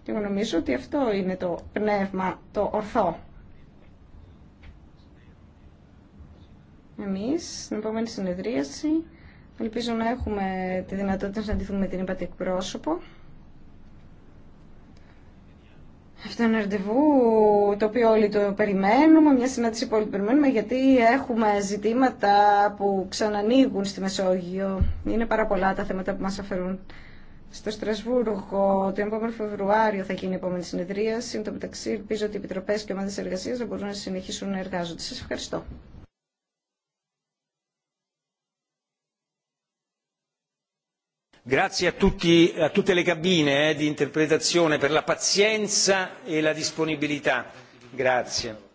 Και νομίζω ότι αυτό είναι το πνεύμα το ορθό. εμείς στην επόμενη συνεδρίαση. Ελπίζω να έχουμε τη δυνατότητα να συναντηθούμε με την υπατή εκπρόσωπο. Αυτό είναι ραντεβού το οποίο όλοι το περιμένουμε, μια συνάντηση που όλοι το περιμένουμε, γιατί έχουμε ζητήματα που ξανανοίγουν στη Μεσόγειο. Είναι πάρα πολλά τα θέματα που μας αφαιρούν. Στο Στρασβούργο, το επόμενο Φεβρουάριο θα γίνει η επόμενη συνεδρίαση. Είναι το μεταξύ, ελπίζω ότι οι επιτροπέ και ομάδε εργασία θα μπορούν να συνεχίσουν να εργάζονται. Σα ευχαριστώ. Grazie a tutte le cabine di interpretazione per la pazienza e la disponibilità. Grazie.